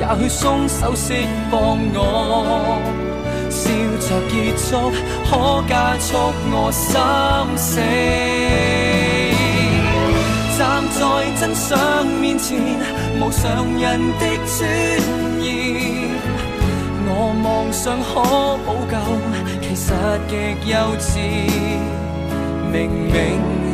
也許鬆手釋放我，笑着結束，可加速我心死。站在真相面前，無常人的尊嚴，我妄想可補救，其實極幼稚。明明。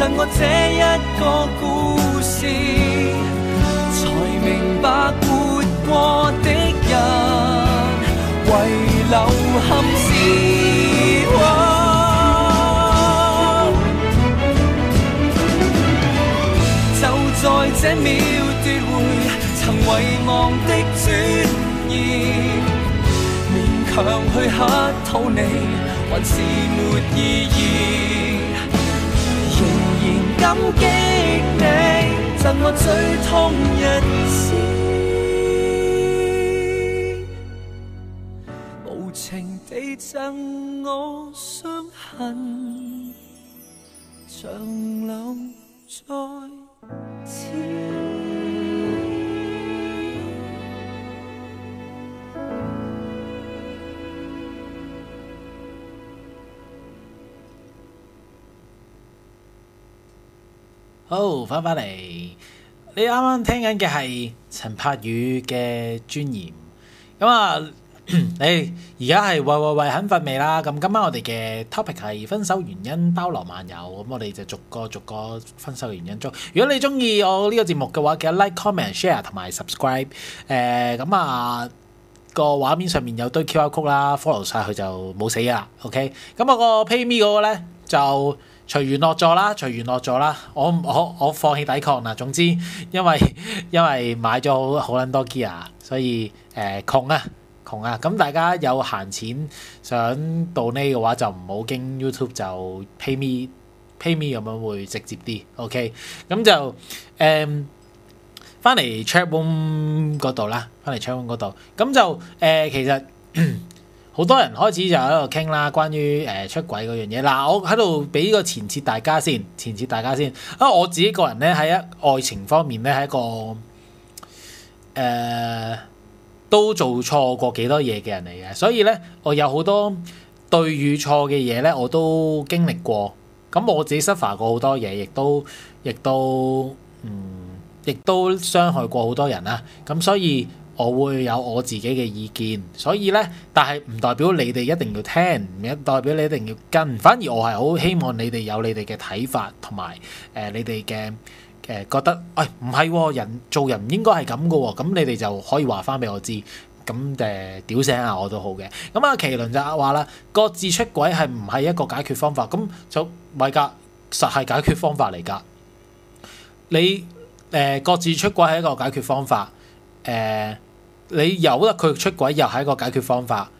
趁我這一個故事，才明白活過的人，遺留憾事。 就在這秒奪回曾遺忘的尊嚴，勉強去乞討你，還是沒意義。感激你贈我最痛日子，無情地贈我傷痕，長留在此。好翻、oh, 返嚟，你啱啱聽緊嘅係陳柏宇嘅《尊嚴》。咁啊，你而家係喂喂喂肯瞓未啦？咁今晚我哋嘅 topic 係分手原因包羅萬有，咁我哋就逐個逐個分手嘅原因做。如果你中意我呢個節目嘅話，記得 like comment, share, subscribe,、呃、comment、share 同埋 subscribe。誒咁啊，這個畫面上面有堆 QR code 啦，follow 晒佢就冇死啊。OK，咁啊，個 pay me 嗰個咧就。隨緣落座啦，隨緣落座啦，我我我放棄抵抗啦。總之因，因為因為買咗好撚多 gear，、啊、所以誒窮啊窮啊。咁、啊、大家有閒錢想到呢嘅話，就唔好經 YouTube 就 pay me pay me 咁樣會直接啲。OK，咁就誒翻嚟 chat room 嗰度啦，翻嚟 chat room 嗰度。咁就誒、呃、其實。好多人開始就喺度傾啦，關於誒、呃、出軌嗰樣嘢。嗱，我喺度俾個前設大家先，前設大家先。啊，我自己個人咧，喺一愛情方面咧，係一個誒、呃、都做錯過幾多嘢嘅人嚟嘅，所以咧我有好多對與錯嘅嘢咧我都經歷過。咁我自己失發過好多嘢，亦都亦都嗯亦都傷害過好多人啊。咁所以。我會有我自己嘅意見，所以呢，但係唔代表你哋一定要聽，唔代表你一定要跟。反而我係好希望你哋有你哋嘅睇法同埋，誒、呃、你哋嘅誒覺得，喂、哎，唔係、哦、人做人唔應該係咁嘅，咁、嗯、你哋就可以話翻俾我知，咁誒屌醒下我都好嘅。咁、嗯、啊，麒麟就話啦，各自出軌係唔係一個解決方法？咁就咪係㗎，實係解決方法嚟㗎。你誒、呃、各自出軌係一個解決方法，誒、呃。你由得佢出軌又係一個解決方法，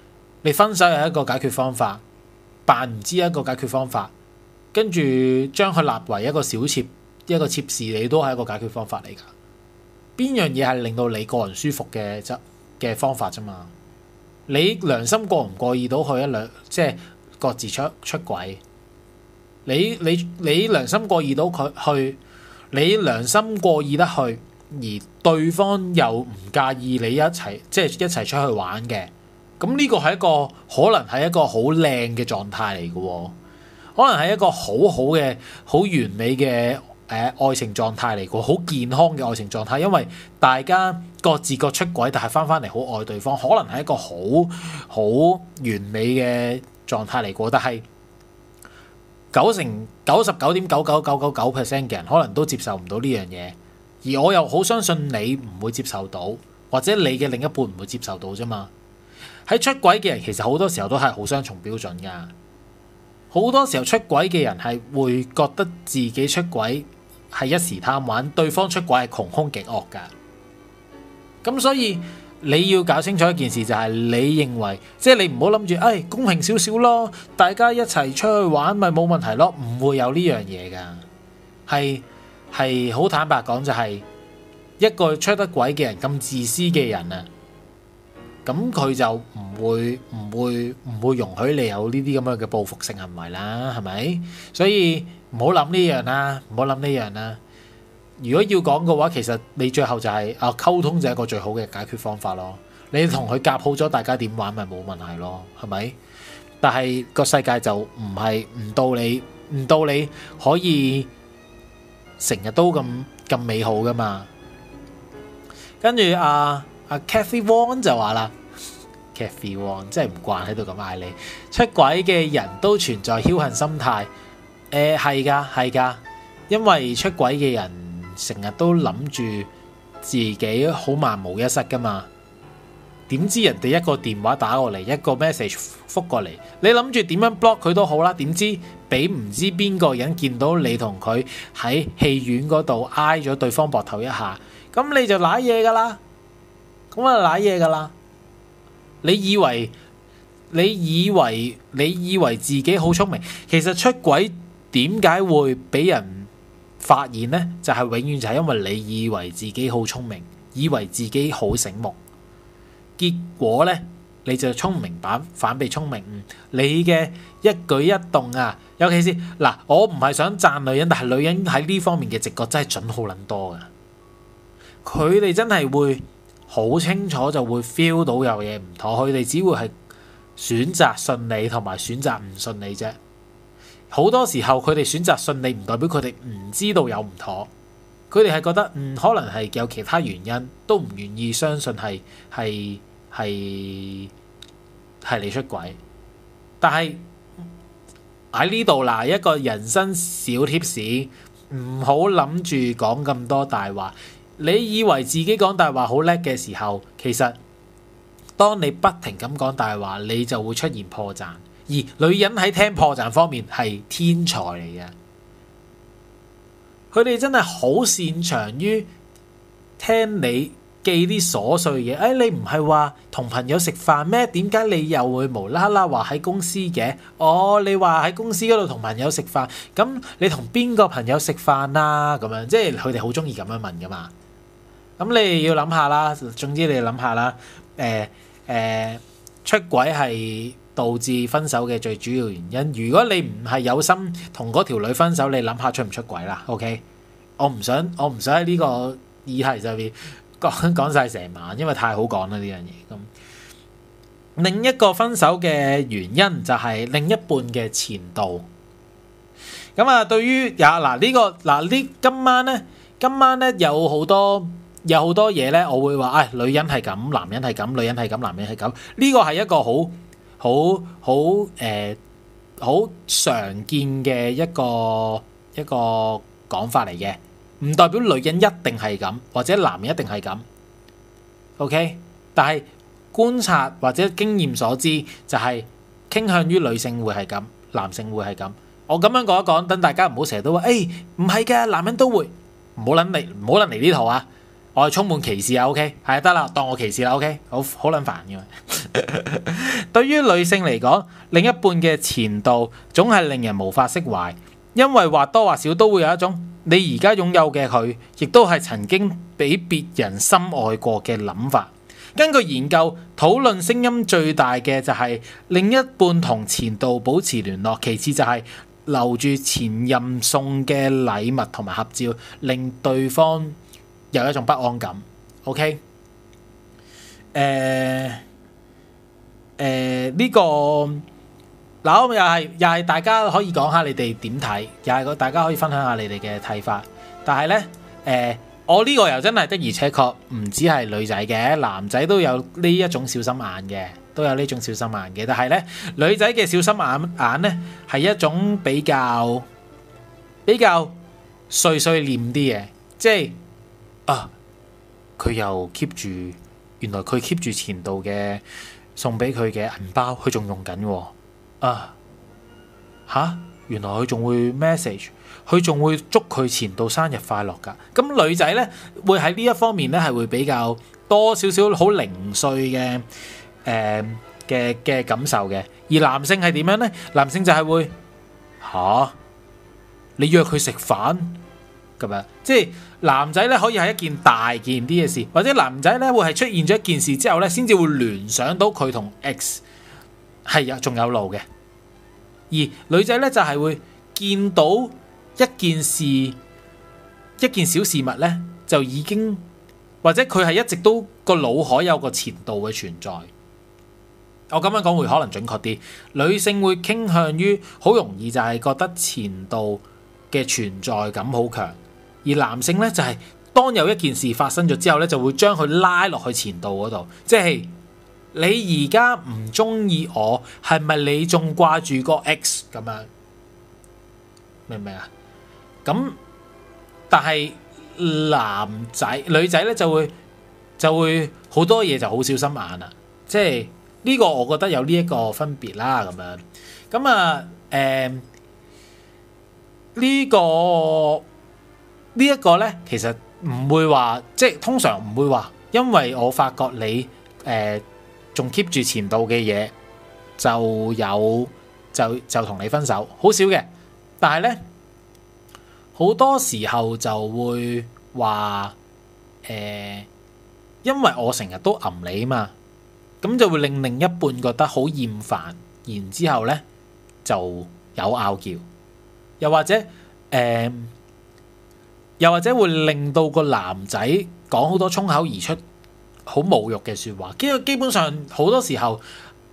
你分手又係一個解決方法，扮唔知一個解決方法，跟住將佢立為一個小妾，一個妾侍，你都係一個解決方法嚟㗎。邊樣嘢係令到你個人舒服嘅啫？嘅方法啫嘛。你良心過唔過意到佢一兩？即係各自出出軌。你你你良心過意到佢去？你良心過意得去？而對方又唔介意你一齊即係一齊出去玩嘅，咁呢個係一個可能係一個好靚嘅狀態嚟嘅，可能係一個，一個好好嘅、好完美嘅誒、呃、愛情狀態嚟個，好健康嘅愛情狀態。因為大家各自各出軌，但係翻翻嚟好愛對方，可能係一個好好完美嘅狀態嚟個。但係九成九十九點九九九九九 percent 嘅人可能都接受唔到呢樣嘢。而我又好相信你唔會接受到，或者你嘅另一半唔會接受到啫嘛。喺出軌嘅人，其實好多時候都係好雙重標準噶。好多時候出軌嘅人係會覺得自己出軌係一時貪玩，對方出軌係窮凶極惡噶。咁所以你要搞清楚一件事就係，你認為即係、就是、你唔好諗住，哎，公平少少咯，大家一齊出去玩咪冇問題咯，唔會有呢樣嘢噶，係。係好坦白講，就係一個出得軌嘅人，咁自私嘅人啊，咁佢就唔會唔會唔會容許你有呢啲咁樣嘅報復性行為啦，係咪？所以唔好諗呢樣啦，唔好諗呢樣啦。如果要講嘅話，其實你最後就係啊，溝通就係一個最好嘅解決方法咯。你同佢夾好咗，大家點玩咪冇問題咯，係咪？但係個世界就唔係唔到你唔到你可以。成日都咁咁美好噶嘛，跟住啊，阿 Cathy Wong 就話啦，Cathy Wong 真係唔慣喺度咁嗌你，出軌嘅人都存在僥倖心態。誒係噶係噶，因為出軌嘅人成日都諗住自己好萬無一失噶嘛。點知人哋一個電話打過嚟，一個 message 覆過嚟，你諗住點樣 block 佢都好啦。點知俾唔知邊個人見到你同佢喺戲院嗰度挨咗對方膊頭一下，咁你就瀨嘢噶啦，咁啊瀨嘢噶啦。你以為你以為你以為自己好聰明，其實出軌點解會俾人發現呢？就係永遠就係因為你以為自己好聰明，以為自己好醒目。結果咧，你就聰明反，反被聰明誤。嗯、你嘅一舉一動啊，尤其是嗱，我唔係想讚女人，但係女人喺呢方面嘅直覺真係準好撚多嘅。佢哋真係會好清楚，就會 feel 到有嘢唔妥。佢哋只會係選擇信你同埋選擇唔信你啫。好多時候，佢哋選擇信你，唔代表佢哋唔知道有唔妥。佢哋係覺得，嗯，可能係有其他原因，都唔願意相信係係。係係你出軌，但係喺呢度嗱，一個人生小貼士，唔好諗住講咁多大話。你以為自己講大話好叻嘅時候，其實當你不停咁講大話，你就會出現破綻。而女人喺聽破綻方面係天才嚟嘅，佢哋真係好擅長於聽你。記啲瑣碎嘢，誒你唔係話同朋友食飯咩？點解你又會無啦啦話喺公司嘅？哦，你話喺公司嗰度同朋友食飯，咁你同邊個朋友食飯啊？咁樣即係佢哋好鍾意咁樣問㗎嘛？咁你要諗下啦，總之你諗下啦，誒誒，出軌係導致分手嘅最主要原因。如果你唔係有心同嗰條女分手，你諗下出唔出軌啦？OK，我唔想我唔想喺呢個議題上面。講講晒成晚，因為太好講啦呢樣嘢。咁另一個分手嘅原因就係另一半嘅前度。咁啊，對於呀嗱，呢個嗱，呢今晚呢，今晚呢有好多有好多嘢呢，我會話唉，女人係咁，男人係咁，女人係咁，男人係咁。呢個係一個好好好誒好常見嘅一個一個講法嚟嘅。唔代表女人一定係咁，或者男人一定係咁，OK？但係觀察或者經驗所知，就係傾向於女性會係咁，男性會係咁。我咁樣講一講，等大家唔好成日都話，誒唔係嘅，男人都會，唔好撚嚟，唔好撚嚟呢套啊！我係充滿歧視啊，OK？係啊，得啦，當我歧視啦，OK？好好撚煩嘅。對於女性嚟講，另一半嘅前度總係令人無法釋懷，因為或多或少都會有一種。你而家擁有嘅佢，亦都係曾經俾別人深愛過嘅諗法。根據研究，討論聲音最大嘅就係另一半同前度保持聯絡，其次就係留住前任送嘅禮物同埋合照，令對方有一種不安感。OK，誒、呃、誒，呢個。嗱，又係又係，大家可以講下你哋點睇，又係個大家可以分享下你哋嘅睇法。但係呢，誒、呃，我呢個又真係的，的，的，而且確唔止係女仔嘅，男仔都有呢一種小心眼嘅，都有呢種小心眼嘅。但係呢，女仔嘅小心眼眼呢係一種比較比較碎碎念啲嘅，即係啊，佢又 keep 住，原來佢 keep 住前度嘅送俾佢嘅銀包，佢仲用緊、啊。啊！吓，原來佢仲會 message，佢仲會祝佢前度生日快樂噶。咁女仔呢會喺呢一方面呢係會比較多少少好零碎嘅，誒嘅嘅感受嘅。而男性係點樣呢？男性就係會吓，你約佢食飯咁樣，即係男仔呢可以係一件大件啲嘅事，或者男仔呢會係出現咗一件事之後呢先至會聯想到佢同 X。係啊，仲有，有路嘅。而女仔呢，就係、是、會見到一件事，一件小事物呢，就已經，或者佢係一直都個腦海有個前度嘅存在。我咁樣講會可能準確啲，女性會傾向於好容易就係覺得前度嘅存在感好強，而男性呢，就係、是、當有一件事發生咗之後呢，就會將佢拉落去前度嗰度，即係。你而家唔中意我，係咪你仲掛住個 X 咁樣？明唔明啊？咁但係男仔、女仔咧就會就會好多嘢就好小心眼啦。即係呢個，我覺得有呢一個分別啦。咁樣咁啊？誒，呢個呢一個咧，其實唔會話，即係通常唔會話，因為我發覺你誒。仲 keep 住前度嘅嘢，就有就就同你分手，好少嘅。但係咧，好多時候就會話，誒、呃，因為我成日都揞你嘛，咁就會令另一半覺得好厭煩，然之後咧就有拗撬，又或者誒、呃，又或者會令到個男仔講好多衝口而出。好侮辱嘅説話，基基本上好多時候，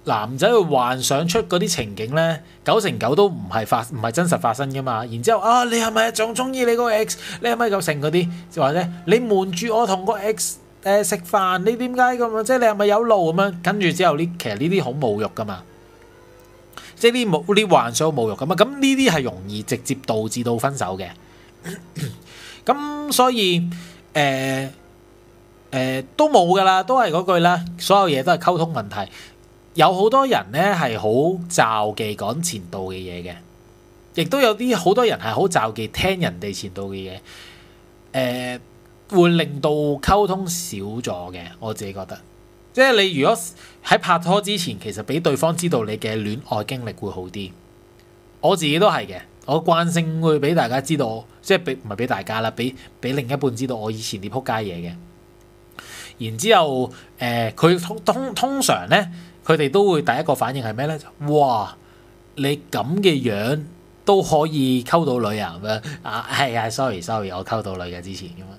男仔去幻想出嗰啲情景呢，九成九都唔係發唔係真實發生嘅嘛。然之後啊，你係咪仲中意你個 ex？你係咪夠剩嗰啲？就話咧，你瞞住我同個 ex 誒食飯，你點解咁啊？即係你係咪有路咁樣？跟住之後呢，其實呢啲好侮辱噶嘛，即係呢冇呢幻想侮辱咁啊。咁呢啲係容易直接導致到分手嘅。咁 所以誒。呃呃、都冇㗎啦，都係嗰句啦。所有嘢都係溝通問題。有好多人呢係好忌諱講前度嘅嘢嘅，亦都有啲好多人係好忌諱聽人哋前度嘅嘢。誒、呃、會令到溝通少咗嘅，我自己覺得。即係你如果喺拍拖之前，其實俾對方知道你嘅戀愛經歷會好啲。我自己都係嘅，我慣性會俾大家知道，即係俾唔係俾大家啦，俾俾另一半知道我以前啲仆街嘢嘅。然之後，誒、呃、佢通通通常咧，佢哋都會第一個反應係咩咧？哇！你咁嘅樣都可以溝到女啊？啊，係啊，sorry sorry，我溝到女嘅之前咁啊，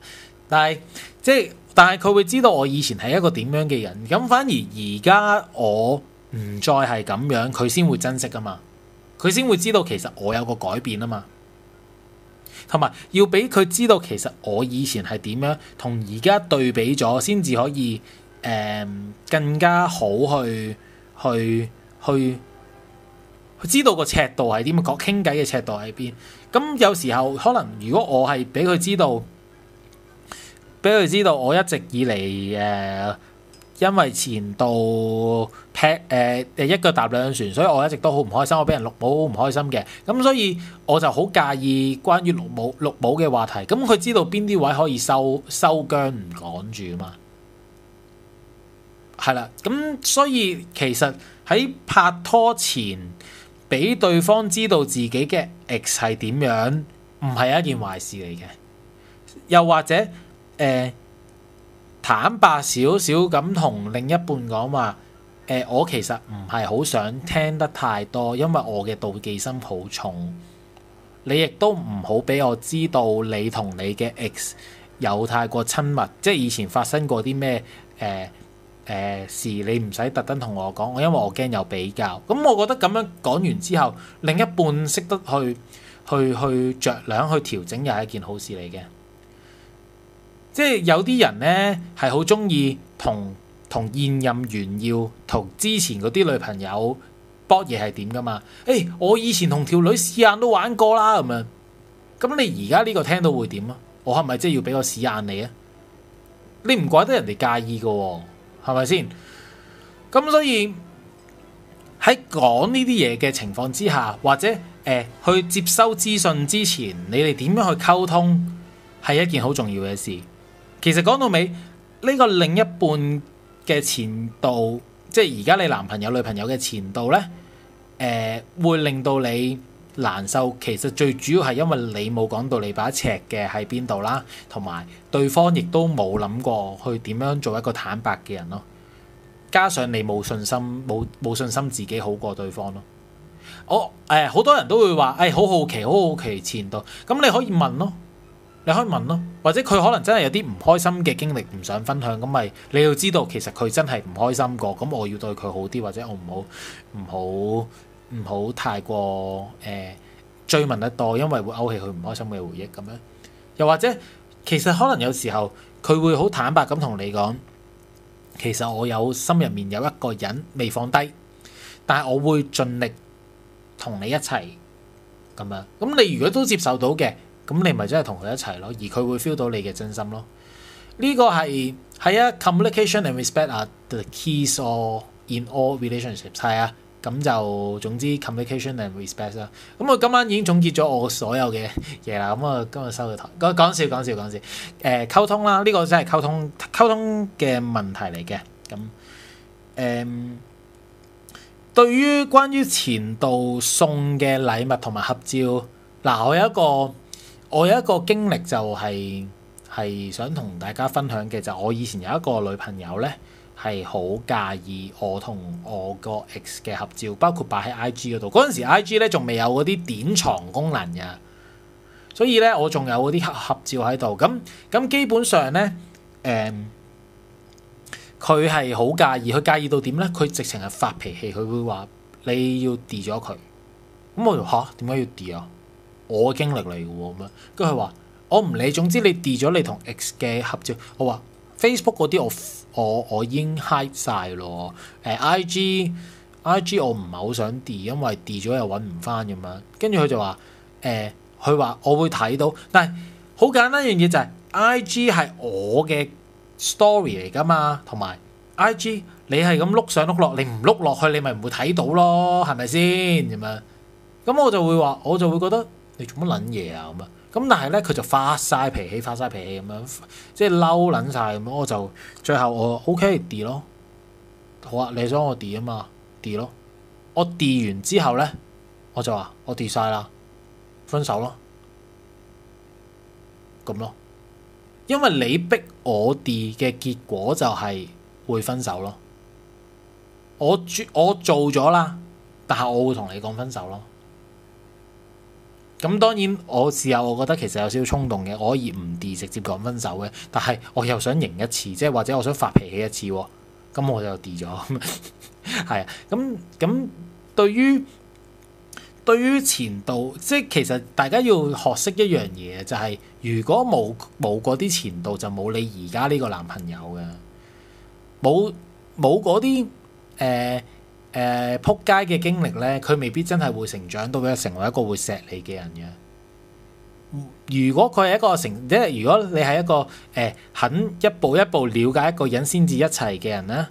但係即係但係佢會知道我以前係一個點樣嘅人，咁反而而家我唔再係咁樣，佢先會珍惜噶嘛，佢先會知道其實我有個改變啊嘛。同埋要俾佢知道，其實我以前係點樣，同而家對比咗，先至可以誒、呃、更加好去去去，去知道個尺度係點樣講，傾偈嘅尺度喺邊。咁有時候可能，如果我係俾佢知道，俾佢知道我一直以嚟誒。呃因為前度劈誒誒、呃、一腳踏兩船，所以我一直都好唔開心。我俾人綠帽好唔開心嘅，咁所以我就好介意關於綠帽綠帽嘅話題。咁佢知道邊啲位可以收收姜唔趕住啊嘛。係啦，咁所以其實喺拍拖前俾對方知道自己嘅 X 係點樣，唔係一件壞事嚟嘅。又或者誒，呃坦白少少咁同另一半講話，誒、呃、我其實唔係好想聽得太多，因為我嘅妒忌心好重。你亦都唔好俾我知道你同你嘅 ex 有太過親密，即係以前發生過啲咩誒誒事，你唔使特登同我講，我因為我驚有比較。咁、嗯、我覺得咁樣講完之後，另一半識得去去去酌量去調整，又係一件好事嚟嘅。即係有啲人呢，係好中意同同現任炫耀同之前嗰啲女朋友搏嘢係點噶嘛？誒、欸，我以前同條女屎眼都玩過啦，咁樣。咁你而家呢個聽到會點啊？我係咪真係要俾個屎眼你啊？你唔怪得人哋介意噶，哦，係咪先？咁所以喺講呢啲嘢嘅情況之下，或者誒、呃、去接收資訊之前，你哋點樣去溝通係一件好重要嘅事。其實講到尾，呢個另一半嘅前度，即係而家你男朋友、女朋友嘅前度呢，誒，會令到你難受。其實最主要係因為你冇講到你把尺嘅喺邊度啦，同埋對方亦都冇諗過去點樣做一個坦白嘅人咯。加上你冇信心，冇冇信心自己好過對方咯。我誒，好多人都會話，誒，好好奇，好好奇前度，咁你可以問咯。你可以問咯，或者佢可能真係有啲唔開心嘅經歷，唔想分享，咁咪你要知道，其實佢真係唔開心過，咁我要對佢好啲，或者我唔好，唔好，唔好太過誒追問得多，因為會勾起佢唔開心嘅回憶咁樣。又或者其實可能有時候佢會好坦白咁同你講，其實我有心入面有一個人未放低，但係我會盡力同你一齊咁樣。咁你如果都接受到嘅。咁你咪真係同佢一齊咯，而佢會 feel 到你嘅真心咯。呢、這個係係啊，communication and respect 啊，the keys or in all relationships 係啊。咁、嗯、就總之 communication and respect 啦、啊。咁、嗯、我今晚已經總結咗我所有嘅嘢啦。咁、嗯、啊，我今日收嘅頭，講講笑講笑講笑誒，溝、呃、通啦，呢、這個真係溝通溝通嘅問題嚟嘅。咁、嗯、誒，對於關於前度送嘅禮物同埋合照，嗱、呃，我有一個。我有一個經歷就係、是、係想同大家分享嘅，就我以前有一個女朋友呢係好介意我同我個 ex 嘅合照，包括擺喺 IG 嗰度。嗰陣時 IG 呢仲未有嗰啲典藏功能嘅，所以呢，我仲有嗰啲合合照喺度。咁咁基本上呢，誒佢係好介意，佢介意到點呢？佢直情係發脾氣，佢會話你要 delete 咗佢。咁我話嚇，點、啊、解要 delete 啊？我經歷嚟嘅喎咁樣，跟住佢話我唔理，總之你 delete 咗你同 ex 嘅合照。我話 Facebook 嗰啲我我我已經 hide 曬咯，誒、呃、IG IG 我唔係好想 delete 因為 delete 咗又揾唔翻咁樣。跟住佢就話誒，佢、呃、話我會睇到，但係好簡單一樣嘢就係、是、IG 係我嘅 story 嚟噶嘛，同埋 IG 你係咁碌上碌落，你唔碌落去你咪唔會睇到咯，係咪先咁樣？咁我就會話，我就會覺得。你做乜撚嘢啊咁啊？咁但係咧佢就發晒脾氣，發晒脾氣咁樣，即係嬲撚晒。咁咯。我就最後我 OK d i 咯，好啊，你想我 d i 啊嘛，d i 咯。我 d 完之後咧，我就話我 div 晒啦，分手咯，咁咯。因為你逼我 d 嘅結果就係會分手咯。我做我做咗啦，但係我會同你講分手咯。咁當然，我事後，我覺得其實有少少衝動嘅，我可以唔跌直接講分手嘅。但係我又想贏一次，即係或者我想發脾氣一次，咁我就跌咗。係 啊，咁咁對於對於前度，即係其實大家要學識一樣嘢，嗯、就係如果冇冇嗰啲前度，就冇你而家呢個男朋友嘅，冇冇嗰啲誒。誒、呃、撲街嘅經歷咧，佢未必真係會成長到佢成為一個會錫你嘅人嘅。如果佢係一個成，即係如果你係一個誒、呃，肯一步一步了解一個人先至一齊嘅人咧，誒、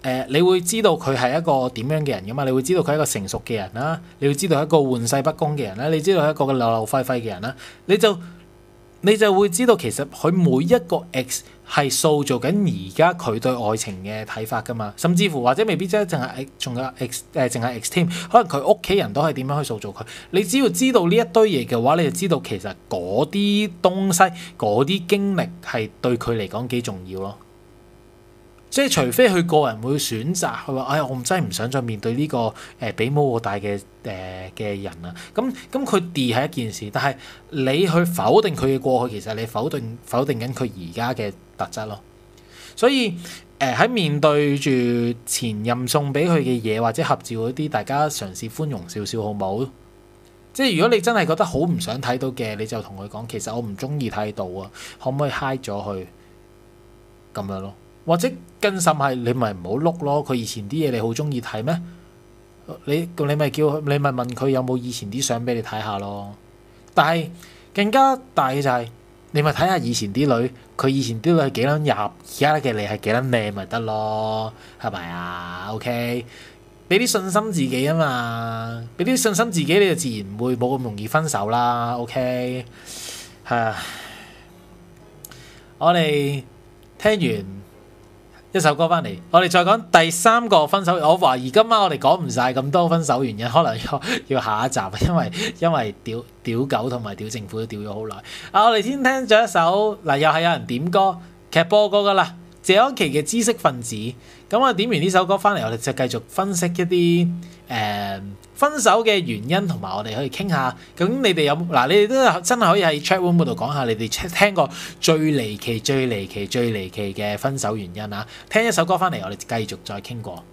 呃，你會知道佢係一個點樣嘅人噶嘛？你會知道佢係一個成熟嘅人啦，你會知道佢係一個玩世不恭嘅人啦，你知道一個嘅流流廢廢嘅人啦，你就。你就會知道其實佢每一個 X 係塑造緊而家佢對愛情嘅睇法噶嘛，甚至乎或者未必即係淨係 X，仲有 X 誒淨係 X team，可能佢屋企人都係點樣去塑造佢。你只要知道呢一堆嘢嘅話，你就知道其實嗰啲東西、嗰啲經歷係對佢嚟講幾重要咯。即係除非佢個人會選擇，佢話：哎我唔真係唔想再面對呢、呢個誒、呃、比冇我大嘅誒嘅人啊！咁咁佢 delete 係一件事，但係你去否定佢嘅過去，其實你否定否定緊佢而家嘅特質咯。所以誒，喺、呃、面對住前任送俾佢嘅嘢或者合照嗰啲，大家嘗試寬容少少好唔好？即係如果你真係覺得好唔想睇到嘅，你就同佢講：其實我唔中意睇到啊，可唔可以 hide 咗佢？咁樣咯。或者更甚係你咪唔好碌咯，佢以前啲嘢你好中意睇咩？你你咪叫你咪問佢有冇以前啲相俾你睇下咯。但係更加大嘅就係、是、你咪睇下以前啲女，佢以前啲女係幾撚入，而家嘅你係幾撚靚咪得咯，係咪啊？OK，俾啲信心自己啊嘛，俾啲信心自己你就自然唔會冇咁容易分手啦。OK，係我哋聽完。嗯一首歌翻嚟，我哋再講第三個分手。我懷疑今晚我哋講唔晒咁多分手原因，可能要，要下一集，因為因為屌屌狗同埋屌政府都屌咗好耐。啊，我哋先聽咗一首，嗱又係有人點歌，其實播過噶啦，謝安琪嘅《知識分子》。咁我點完呢首歌翻嚟，我哋就繼續分析一啲誒、呃、分手嘅原因，同埋我哋可以傾下。究竟你哋有嗱，你哋都真係可以喺 Chatroom 度講下你哋聽過最離奇、最離奇、最離奇嘅分手原因啊！聽一首歌翻嚟，我哋繼續再傾過。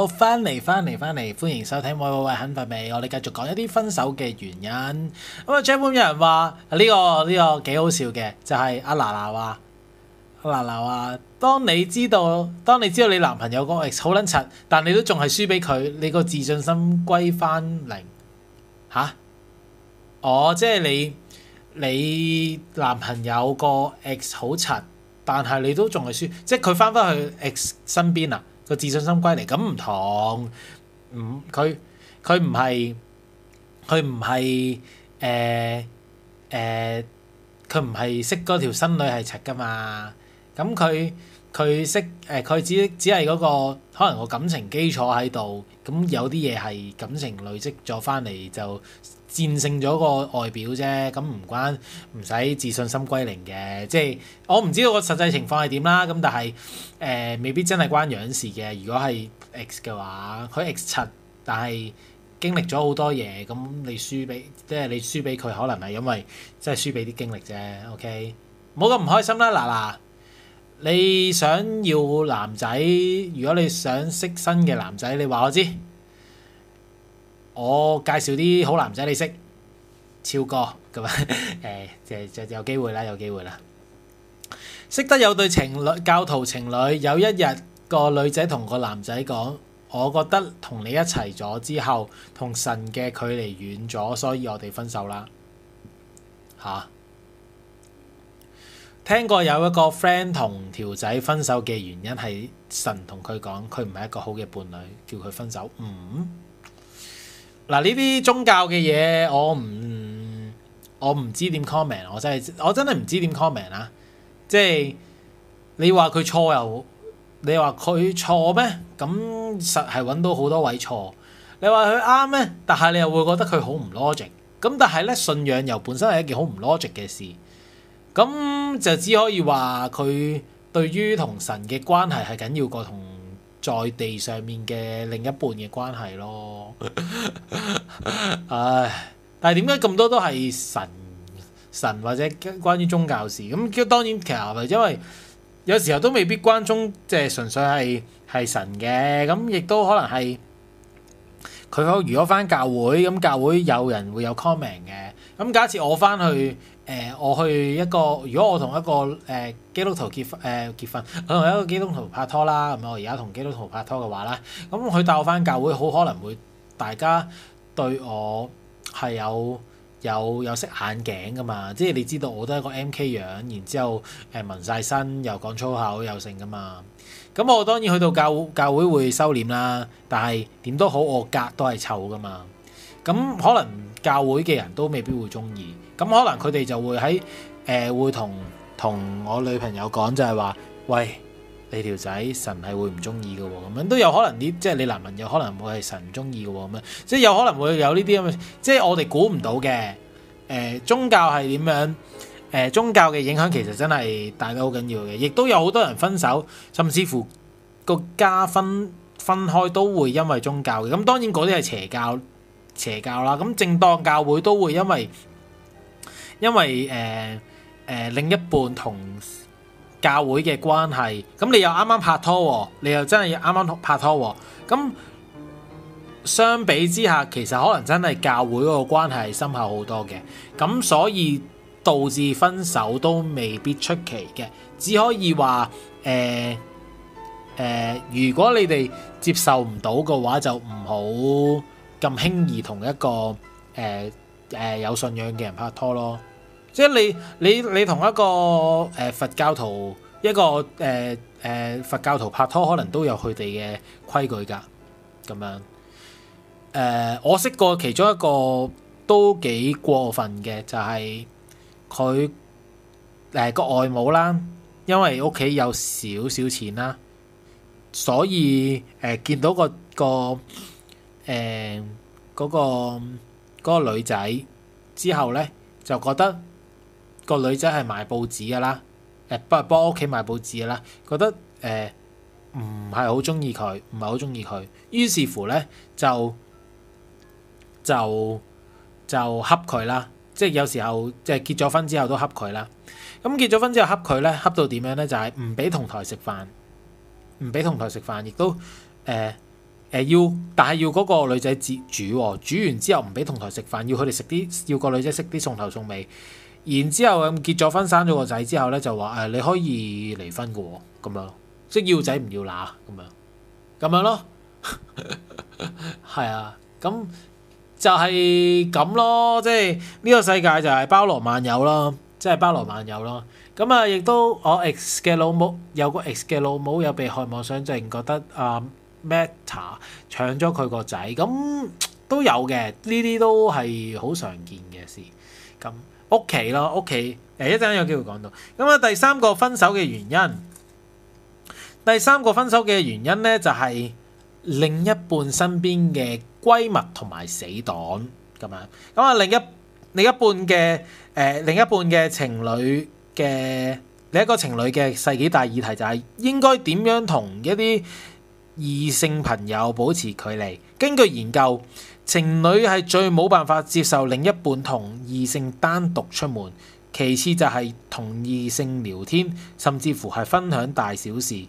好，翻嚟翻嚟翻嚟，歡迎收聽！喂喂喂，肯瞓未？我哋繼續講一啲分手嘅原因。咁啊 Jasper 有人話呢個呢、呢個幾好笑嘅，就係、是、阿娜娜話：阿娜娜話，當你知道，當你知道你男朋友個 ex 好撚柒，但你都仲係輸俾佢，你個自信心歸翻零吓？哦，即係你你男朋友個 ex 好柒，但係你都仲係輸，即係佢翻返去 ex 身邊啦。個自信心歸嚟，咁唔同，唔佢佢唔係佢唔係誒誒，佢唔係識嗰條新女係柒㗎嘛，咁佢佢識誒，佢、呃、只只係嗰、嗰個可能個感情基礎喺度，咁有啲嘢係感情累積咗返嚟就，戰勝咗個外表啫，咁唔關唔使自信心歸零嘅，即係我唔知道個實際情況係點啦。咁但係誒、呃，未必真係關樣事嘅。如果係 X 嘅話，佢 X 七，但係經歷咗好多嘢，咁你輸俾即係你輸俾佢，可能係因為即係輸俾啲經歷啫。OK，冇咁唔開心啦。嗱嗱，你想要男仔，如果你想識新嘅男仔，你話我知。我介紹啲好男仔你識，超哥咁樣！誒，就 就有機會啦，有機會啦。識得有對情侶，教徒情侶，有一日個女仔同個男仔講：我覺得同你一齊咗之後，同神嘅距離遠咗，所以我哋分手啦。嚇！聽過有一個 friend 同條仔分手嘅原因係神同佢講佢唔係一個好嘅伴侶，叫佢分手。嗯？嗱，呢啲宗教嘅嘢，我唔我唔知點 comment，我真係我真係唔知點 comment 啊！即係你話佢錯又，你話佢錯咩？咁實係揾到好多位錯，你話佢啱咩？但係你又會覺得佢好唔 logic。咁但係咧，信仰又本身係一件好唔 logic 嘅事。咁就只可以話佢對於同神嘅關係係緊要過同。在地上面嘅另一半嘅關係咯，唉！但係點解咁多都係神神或者關於宗教事？咁當然其實係因為有時候都未必關宗，即係純粹係係神嘅。咁亦都可能係佢可如果翻教會，咁教會有人會有 comment 嘅。咁假設我翻去。誒，我去一個，如果我同一個誒基督徒結婚，誒結婚，我同一個基督徒拍拖啦，咁我而家同基督徒拍拖嘅話啦，咁佢帶我翻教會，好可能會大家對我係有有有色眼鏡噶嘛，即係你知道我都係個 MK 樣，然之後誒紋曬身，又講粗口，又剩噶嘛，咁我當然去到教教會會收斂啦，但係點都好，我格都係臭噶嘛，咁可能教會嘅人都未必會中意。咁可能佢哋就會喺誒、呃、會同同我女朋友講，就係話：喂，你條仔神係會唔中意嘅喎？咁樣都有可能啲，即係你男朋友可能會係神唔中意嘅喎？咁樣即係有可能會有呢啲咁，即係我哋估唔到嘅。誒、呃，宗教係點樣？誒、呃，宗教嘅影響其實真係大得好緊要嘅，亦都有好多人分手，甚至乎個家分分開都會因為宗教嘅。咁當然嗰啲係邪教邪教啦。咁正當教會都會因為。因為誒誒、呃呃、另一半同教會嘅關係，咁你又啱啱拍拖喎，你又真係啱啱拍拖喎，咁相比之下，其實可能真係教會嗰個關係深厚好多嘅，咁所以導致分手都未必出奇嘅，只可以話誒誒，如果你哋接受唔到嘅話，就唔好咁輕易同一個誒誒、呃呃、有信仰嘅人拍拖咯。即係你你你同一個誒、呃、佛教徒一個誒誒、呃呃、佛教徒拍拖，可能都有佢哋嘅規矩㗎咁樣。誒、呃，我識過其中一個都幾過分嘅，就係佢誒個外母啦，因為屋企有少少錢啦，所以誒、呃、見到、嗰個個誒嗰、呃嗰個、嗰個女仔之後咧，就覺得。個女仔係賣報紙嘅啦，不、呃、幫幫屋企賣報紙嘅啦，覺得誒唔係好中意佢，唔係好中意佢，於是乎咧就就就恰佢啦，即係有時候即係結咗婚之後都恰佢啦。咁、嗯、結咗婚之後恰佢咧，恰到點樣咧？就係唔俾同台食飯，唔俾同台食飯，亦都誒誒、呃、要，但係要嗰個女仔自煮、哦，煮完之後唔俾同台食飯，要佢哋食啲，要個女仔食啲餸頭餸尾。然之後咁結咗婚生咗個仔之後咧，就話誒、哎、你可以離婚嘅喎、哦，咁樣即係要仔唔要乸咁樣，咁樣咯，係 啊，咁就係咁咯，即係呢個世界就係包羅萬有咯，即係包羅萬有咯。咁啊，亦都我 x 嘅老母有個 x 嘅老母有被害妄想症，覺得啊、呃、Metta 搶咗佢個仔，咁都有嘅，呢啲都係好常見嘅事，咁。屋企咯，屋企誒一陣間有機會講到。咁啊，第三個分手嘅原因，第三個分手嘅原因咧就係另一半身邊嘅閨蜜同埋死黨咁樣。咁啊，另一另一半嘅誒，另一半嘅情侶嘅另一個情侶嘅世紀大議題就係應該點樣同一啲異性朋友保持距離。根據研究，情侶係最冇辦法接受另一半同異性單獨出門，其次就係同異性聊天，甚至乎係分享大小事。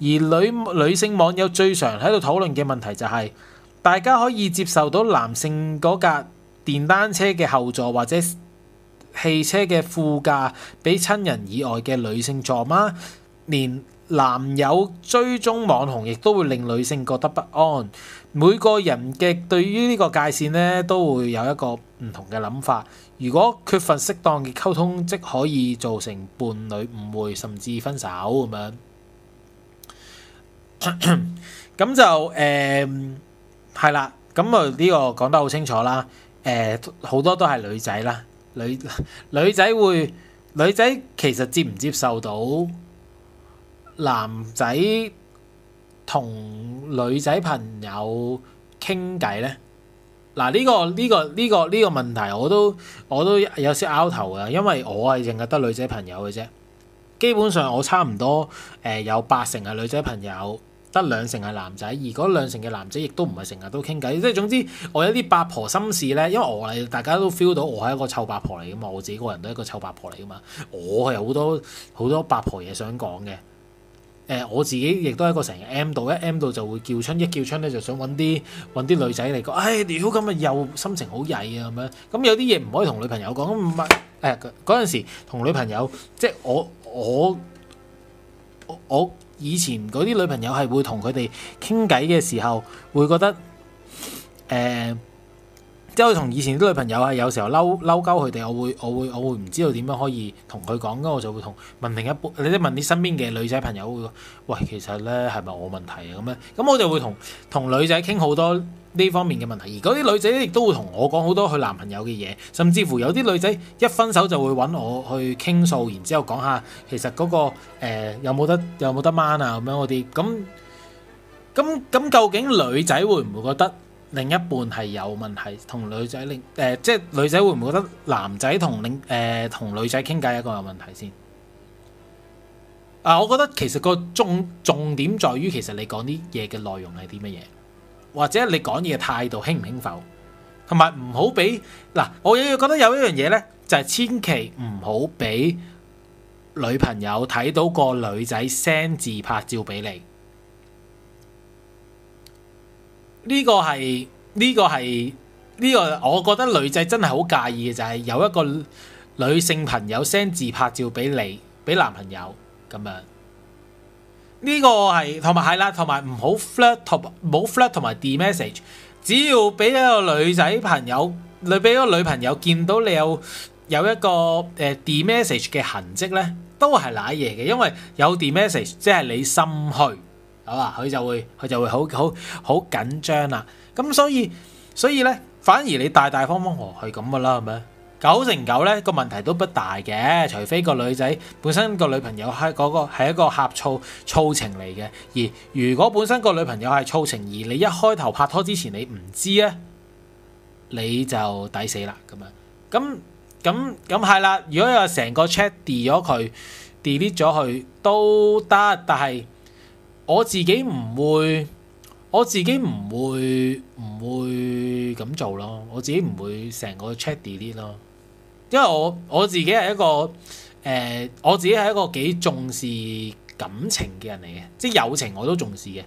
而女女性網友最常喺度討論嘅問題就係、是，大家可以接受到男性嗰架電單車嘅後座或者汽車嘅副駕俾親人以外嘅女性坐嗎？連男友追蹤網紅，亦都會令女性覺得不安。每個人嘅對於呢個界線呢，都會有一個唔同嘅諗法。如果缺乏適當嘅溝通，即可以造成伴侶誤會，甚至分手咁樣。咁就誒，係啦。咁啊呢個講得好清楚啦。誒，好多都係女仔啦，女女仔會女仔其實接唔接受到？男仔同女仔朋友傾偈呢？嗱、呢個呢個呢個呢個問題我都我都有少拗頭嘅，因為我係淨係得女仔朋友嘅啫。基本上我差唔多誒有八成係女仔朋友，得兩成係男仔。而嗰兩成嘅男仔亦都唔係成日都傾偈。即係總之，我有啲八婆心事呢，因為我係大家都 feel 到我係一個臭八婆嚟嘅嘛，我自己個人都係一個臭八婆嚟嘅嘛，我係好多好多八婆嘢想講嘅。誒、呃、我自己亦都係一個成日 M 度，一 M 度就會叫春，一叫春咧就想揾啲啲女仔嚟講，唉、哎，屌，咁啊又心情好曳啊咁樣，咁有啲嘢唔可以同女朋友講，咁唔係誒嗰陣時同女朋友，即係我我我，我以前嗰啲女朋友係會同佢哋傾偈嘅時候會覺得誒。呃即係同以前啲女朋友啊，有時候嬲嬲鳩佢哋，我會我會我會唔知道點樣可以同佢講，咁我就會同問另一你即係問啲身邊嘅女仔朋友會，喂，其實咧係咪我問題啊咁樣，咁我就會同同女仔傾好多呢方面嘅問題，而嗰啲女仔亦都會同我講好多佢男朋友嘅嘢，甚至乎有啲女仔一分手就會揾我去傾訴，然之後講下其實嗰個、呃、有冇得有冇得掹啊咁樣嗰啲，咁咁咁究竟女仔會唔會覺得？另一半係有問題，同女仔另誒，即係女仔會唔會覺得男仔同另誒同、呃、女仔傾偈一個有問題先？啊，我覺得其實個重重點在於，其實你講啲嘢嘅內容係啲乜嘢，或者你講嘢嘅態度輕唔輕浮，同埋唔好俾嗱，我有覺得有一樣嘢呢，就係、是、千祈唔好俾女朋友睇到個女仔 send 自拍照俾你。呢個係呢個係呢個，我覺得女仔真係好介意嘅，就係有一個女性朋友 send 自拍照俾你，俾男朋友咁樣。呢個係同埋係啦，同埋唔好 flirt 同埋 DMessage。冇 flirt 同埋 DMessage。只要俾一個女仔朋友，你俾一個女朋友見到你有有一個誒 DMessage 嘅痕跡呢，都係賴嘢嘅，因為有 DMessage 即係你心虛。好啊，佢就會佢就會好好好緊張啦。咁、嗯、所以所以咧，反而你大大方方同佢咁噶啦，係咪？九成九咧，個問題都不大嘅，除非個女仔本身個女朋友係嗰、嗰個係一個呷醋醋情嚟嘅。而如果本身個女朋友係醋情，而你一開頭拍拖之前你唔知咧，你就抵死啦咁樣。咁咁咁係啦，如果你話成個 chat delete 咗佢，delete 咗佢都得，但係。我自己唔會，我自己唔會唔會咁做咯。我自己唔會成個 check delete 咯，因為我我自己係一個誒，我自己係一個幾、呃、重視感情嘅人嚟嘅，即係友情我都重視嘅。誒、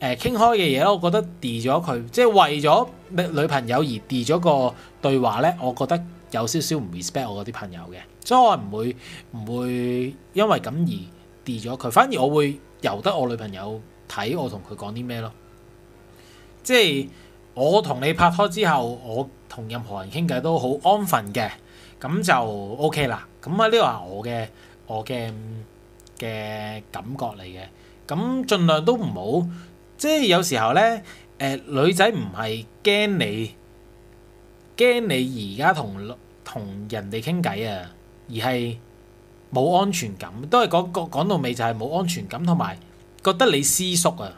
呃、傾開嘅嘢我覺得 delete 咗佢，即係為咗女朋友而 delete 咗個對話咧，我覺得有少少唔 respect 我嗰啲朋友嘅，所以我唔會唔會因為咁而 delete 咗佢，反而我會。由得我女朋友睇我同佢講啲咩咯，即係我同你拍拖之後，我同任何人傾偈都好安分嘅，咁就 OK 啦。咁啊呢個係我嘅我嘅嘅感覺嚟嘅，咁盡量都唔好。即係有時候呢，誒、呃、女仔唔係驚你驚你而家同同人哋傾偈啊，而係。冇安全感，都係講講講到尾就係冇安全感，同埋覺得你私縮啊。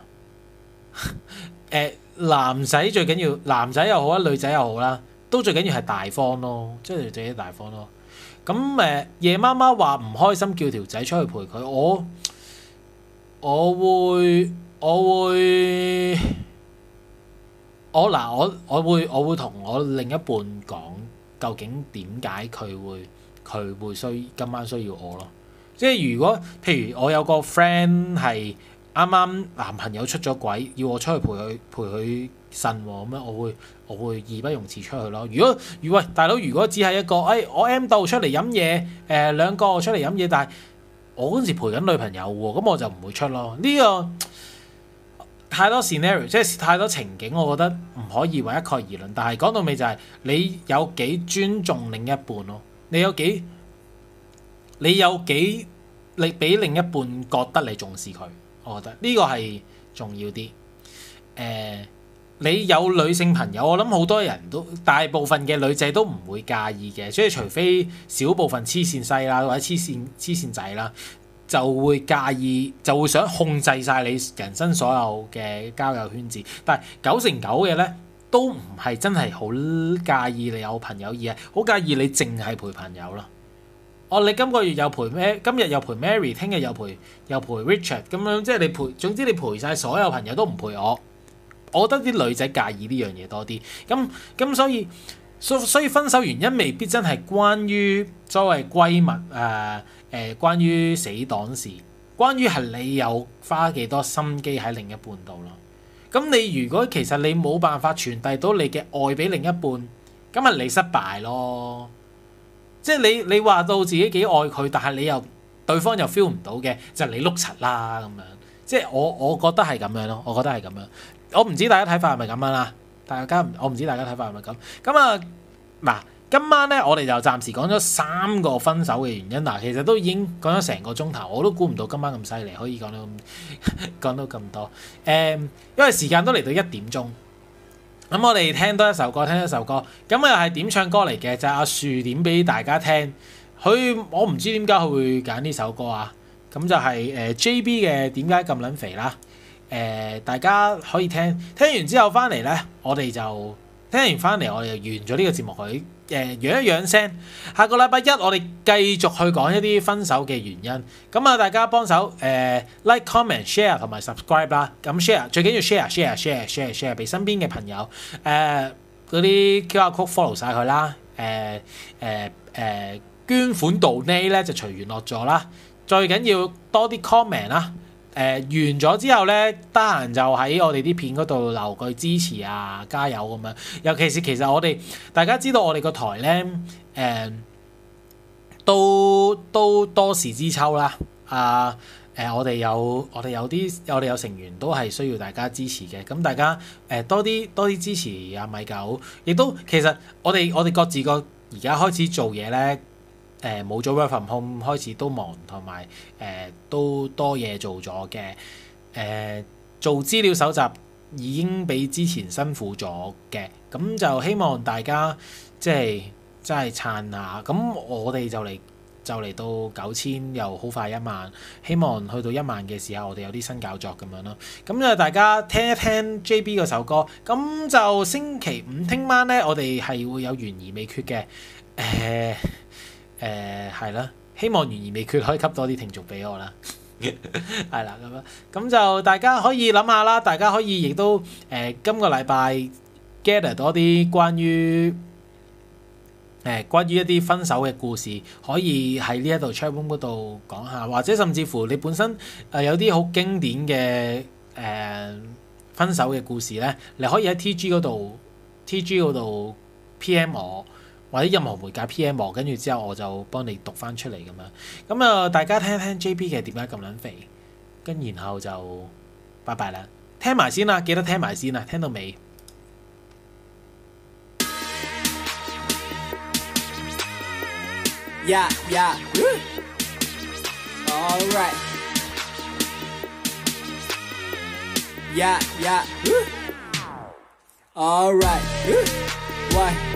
誒，男仔最緊要，男仔又好啦，女仔又好啦，都最緊要係大方咯，即係自己大方咯。咁誒，夜媽媽話唔開心，叫條仔出去陪佢，我我會我會我嗱我我會我會同我另一半講，究竟點解佢會？佢會需今晚需要我咯，即係如果譬如我有個 friend 係啱啱男朋友出咗軌，要我出去陪佢陪佢呻咁樣我，我會我會義不容辭出去咯。如果喂大佬，如果只係一個，誒、哎、我 M 豆出嚟飲嘢，誒、呃、兩個我出嚟飲嘢，但係我嗰時陪緊女朋友喎，咁我就唔會出咯。呢、這個太多 scenario，即係太多情景，我覺得唔可以為一概而論。但係講到尾就係、是、你有幾尊重另一半咯。你有幾？你有幾？你俾另一半覺得你重視佢，我覺得呢個係重要啲。誒、呃，你有女性朋友，我諗好多人都，大部分嘅女仔都唔會介意嘅，所以除非少部分黐線西啦，或者黐線黐線仔啦，就會介意，就會想控制晒你人生所有嘅交友圈子。但係九成九嘅咧。都唔係真係好介意你有朋友，而係好介意你淨係陪朋友咯。哦，你今個月又陪咩？今日又陪 Mary，聽日又陪又陪 Richard 咁樣，即係你陪總之你陪晒所有朋友都唔陪我。我覺得啲女仔介意呢樣嘢多啲。咁咁所以所所以分手原因未必真係關於所謂閨蜜誒誒，關於死黨事，關於係你有花幾多心機喺另一半度咯。咁你如果其實你冇辦法傳遞到你嘅愛俾另一半，咁啊你失敗咯。即係你你話到自己幾愛佢，但係你又對方又 feel 唔到嘅，就係你碌柒啦咁樣。即係我我覺得係咁樣咯，我覺得係咁樣。我唔知大家睇法係咪咁樣啦。大家我唔知大家睇法係咪咁。咁啊嗱。啊今晚咧，我哋就暫時講咗三個分手嘅原因嗱，其實都已經講咗成個鐘頭，我都估唔到今晚咁犀利，可以講到咁 講到咁多。誒、嗯，因為時間都嚟到一點鐘，咁、嗯、我哋聽多一首歌，聽一首歌。咁、嗯、又係點唱歌嚟嘅？就是、阿樹點俾大家聽。佢我唔知點解佢會揀呢首歌啊。咁、嗯、就係誒 J B 嘅點解咁撚肥啦。誒、呃呃，大家可以聽聽完之後翻嚟咧，我哋就。聽完翻嚟，我哋就完咗呢個節目，佢誒養一養聲。下個禮拜一，我哋繼續去講一啲分手嘅原因。咁啊，大家幫手誒、呃、like、comment、share 同埋 subscribe 啦。咁 sh sh share 最緊要 share、share、share、share、share 俾身邊嘅朋友。誒嗰啲 QR Code follow 晒佢啦。誒誒誒捐款 donate 咧就隨緣落咗啦。最緊要多啲 comment 啦。誒、呃、完咗之後咧，得閒就喺我哋啲片嗰度留句支持啊，加油咁樣。尤其是其實我哋大家知道我哋個台咧，誒、呃、都都多事之秋啦。啊誒、呃，我哋有我哋有啲我哋有成員都係需要大家支持嘅。咁大家誒、呃、多啲多啲支持啊米狗，亦都其實我哋我哋各自個而家開始做嘢咧，誒冇咗 work from home 開始都忙，同埋誒都多嘢做咗嘅。誒、呃、做資料搜集已經比之前辛苦咗嘅，咁就希望大家即係真係撐下。咁我哋就嚟就嚟到九千，又好快一萬。希望去到一萬嘅時候，我哋有啲新搞作咁樣咯。咁就大家聽一聽 JB 嗰首歌。咁就星期五聽晚呢，我哋係會有懸而未決嘅。誒、呃。誒係啦，希望懸而未決，可以多給多啲聽眾俾我啦。係啦， 咁樣，咁就大家可以諗下啦，大家可以亦都誒、呃、今個禮拜 gather 多啲關於誒、呃、關於一啲分手嘅故事，可以喺呢一度 chat room 嗰度講下，或者甚至乎你本身誒、呃、有啲好經典嘅誒、呃、分手嘅故事咧，你可以喺 TG 嗰度 TG 嗰度 PM 我。或者任何媒介 PM 我，跟住之後我就幫你讀翻出嚟咁樣。咁、嗯、啊，大家聽一聽 JP 嘅點解咁撚肥，跟然後就拜拜啦。聽埋先啦，記得聽埋先啦，聽到未？ya ya alright，ya ya alright，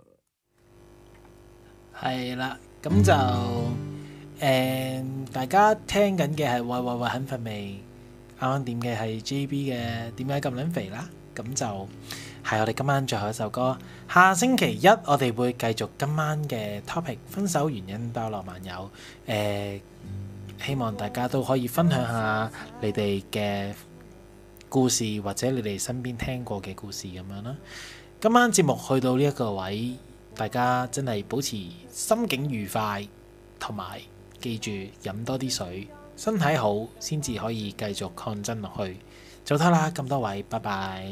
係啦，咁就誒、呃，大家聽緊嘅係喂喂喂，肯瞓未，啱啱點嘅係 J B 嘅，點解咁撚肥啦？咁就係我哋今晚最後一首歌。下星期一我哋會繼續今晚嘅 topic，分手原因包羅萬有。誒、呃，希望大家都可以分享下你哋嘅故事，或者你哋身邊聽過嘅故事咁樣啦。今晚節目去到呢一個位。大家真係保持心境愉快，同埋記住飲多啲水，身體好先至可以繼續抗爭落去。早咁啦，咁多位，拜拜。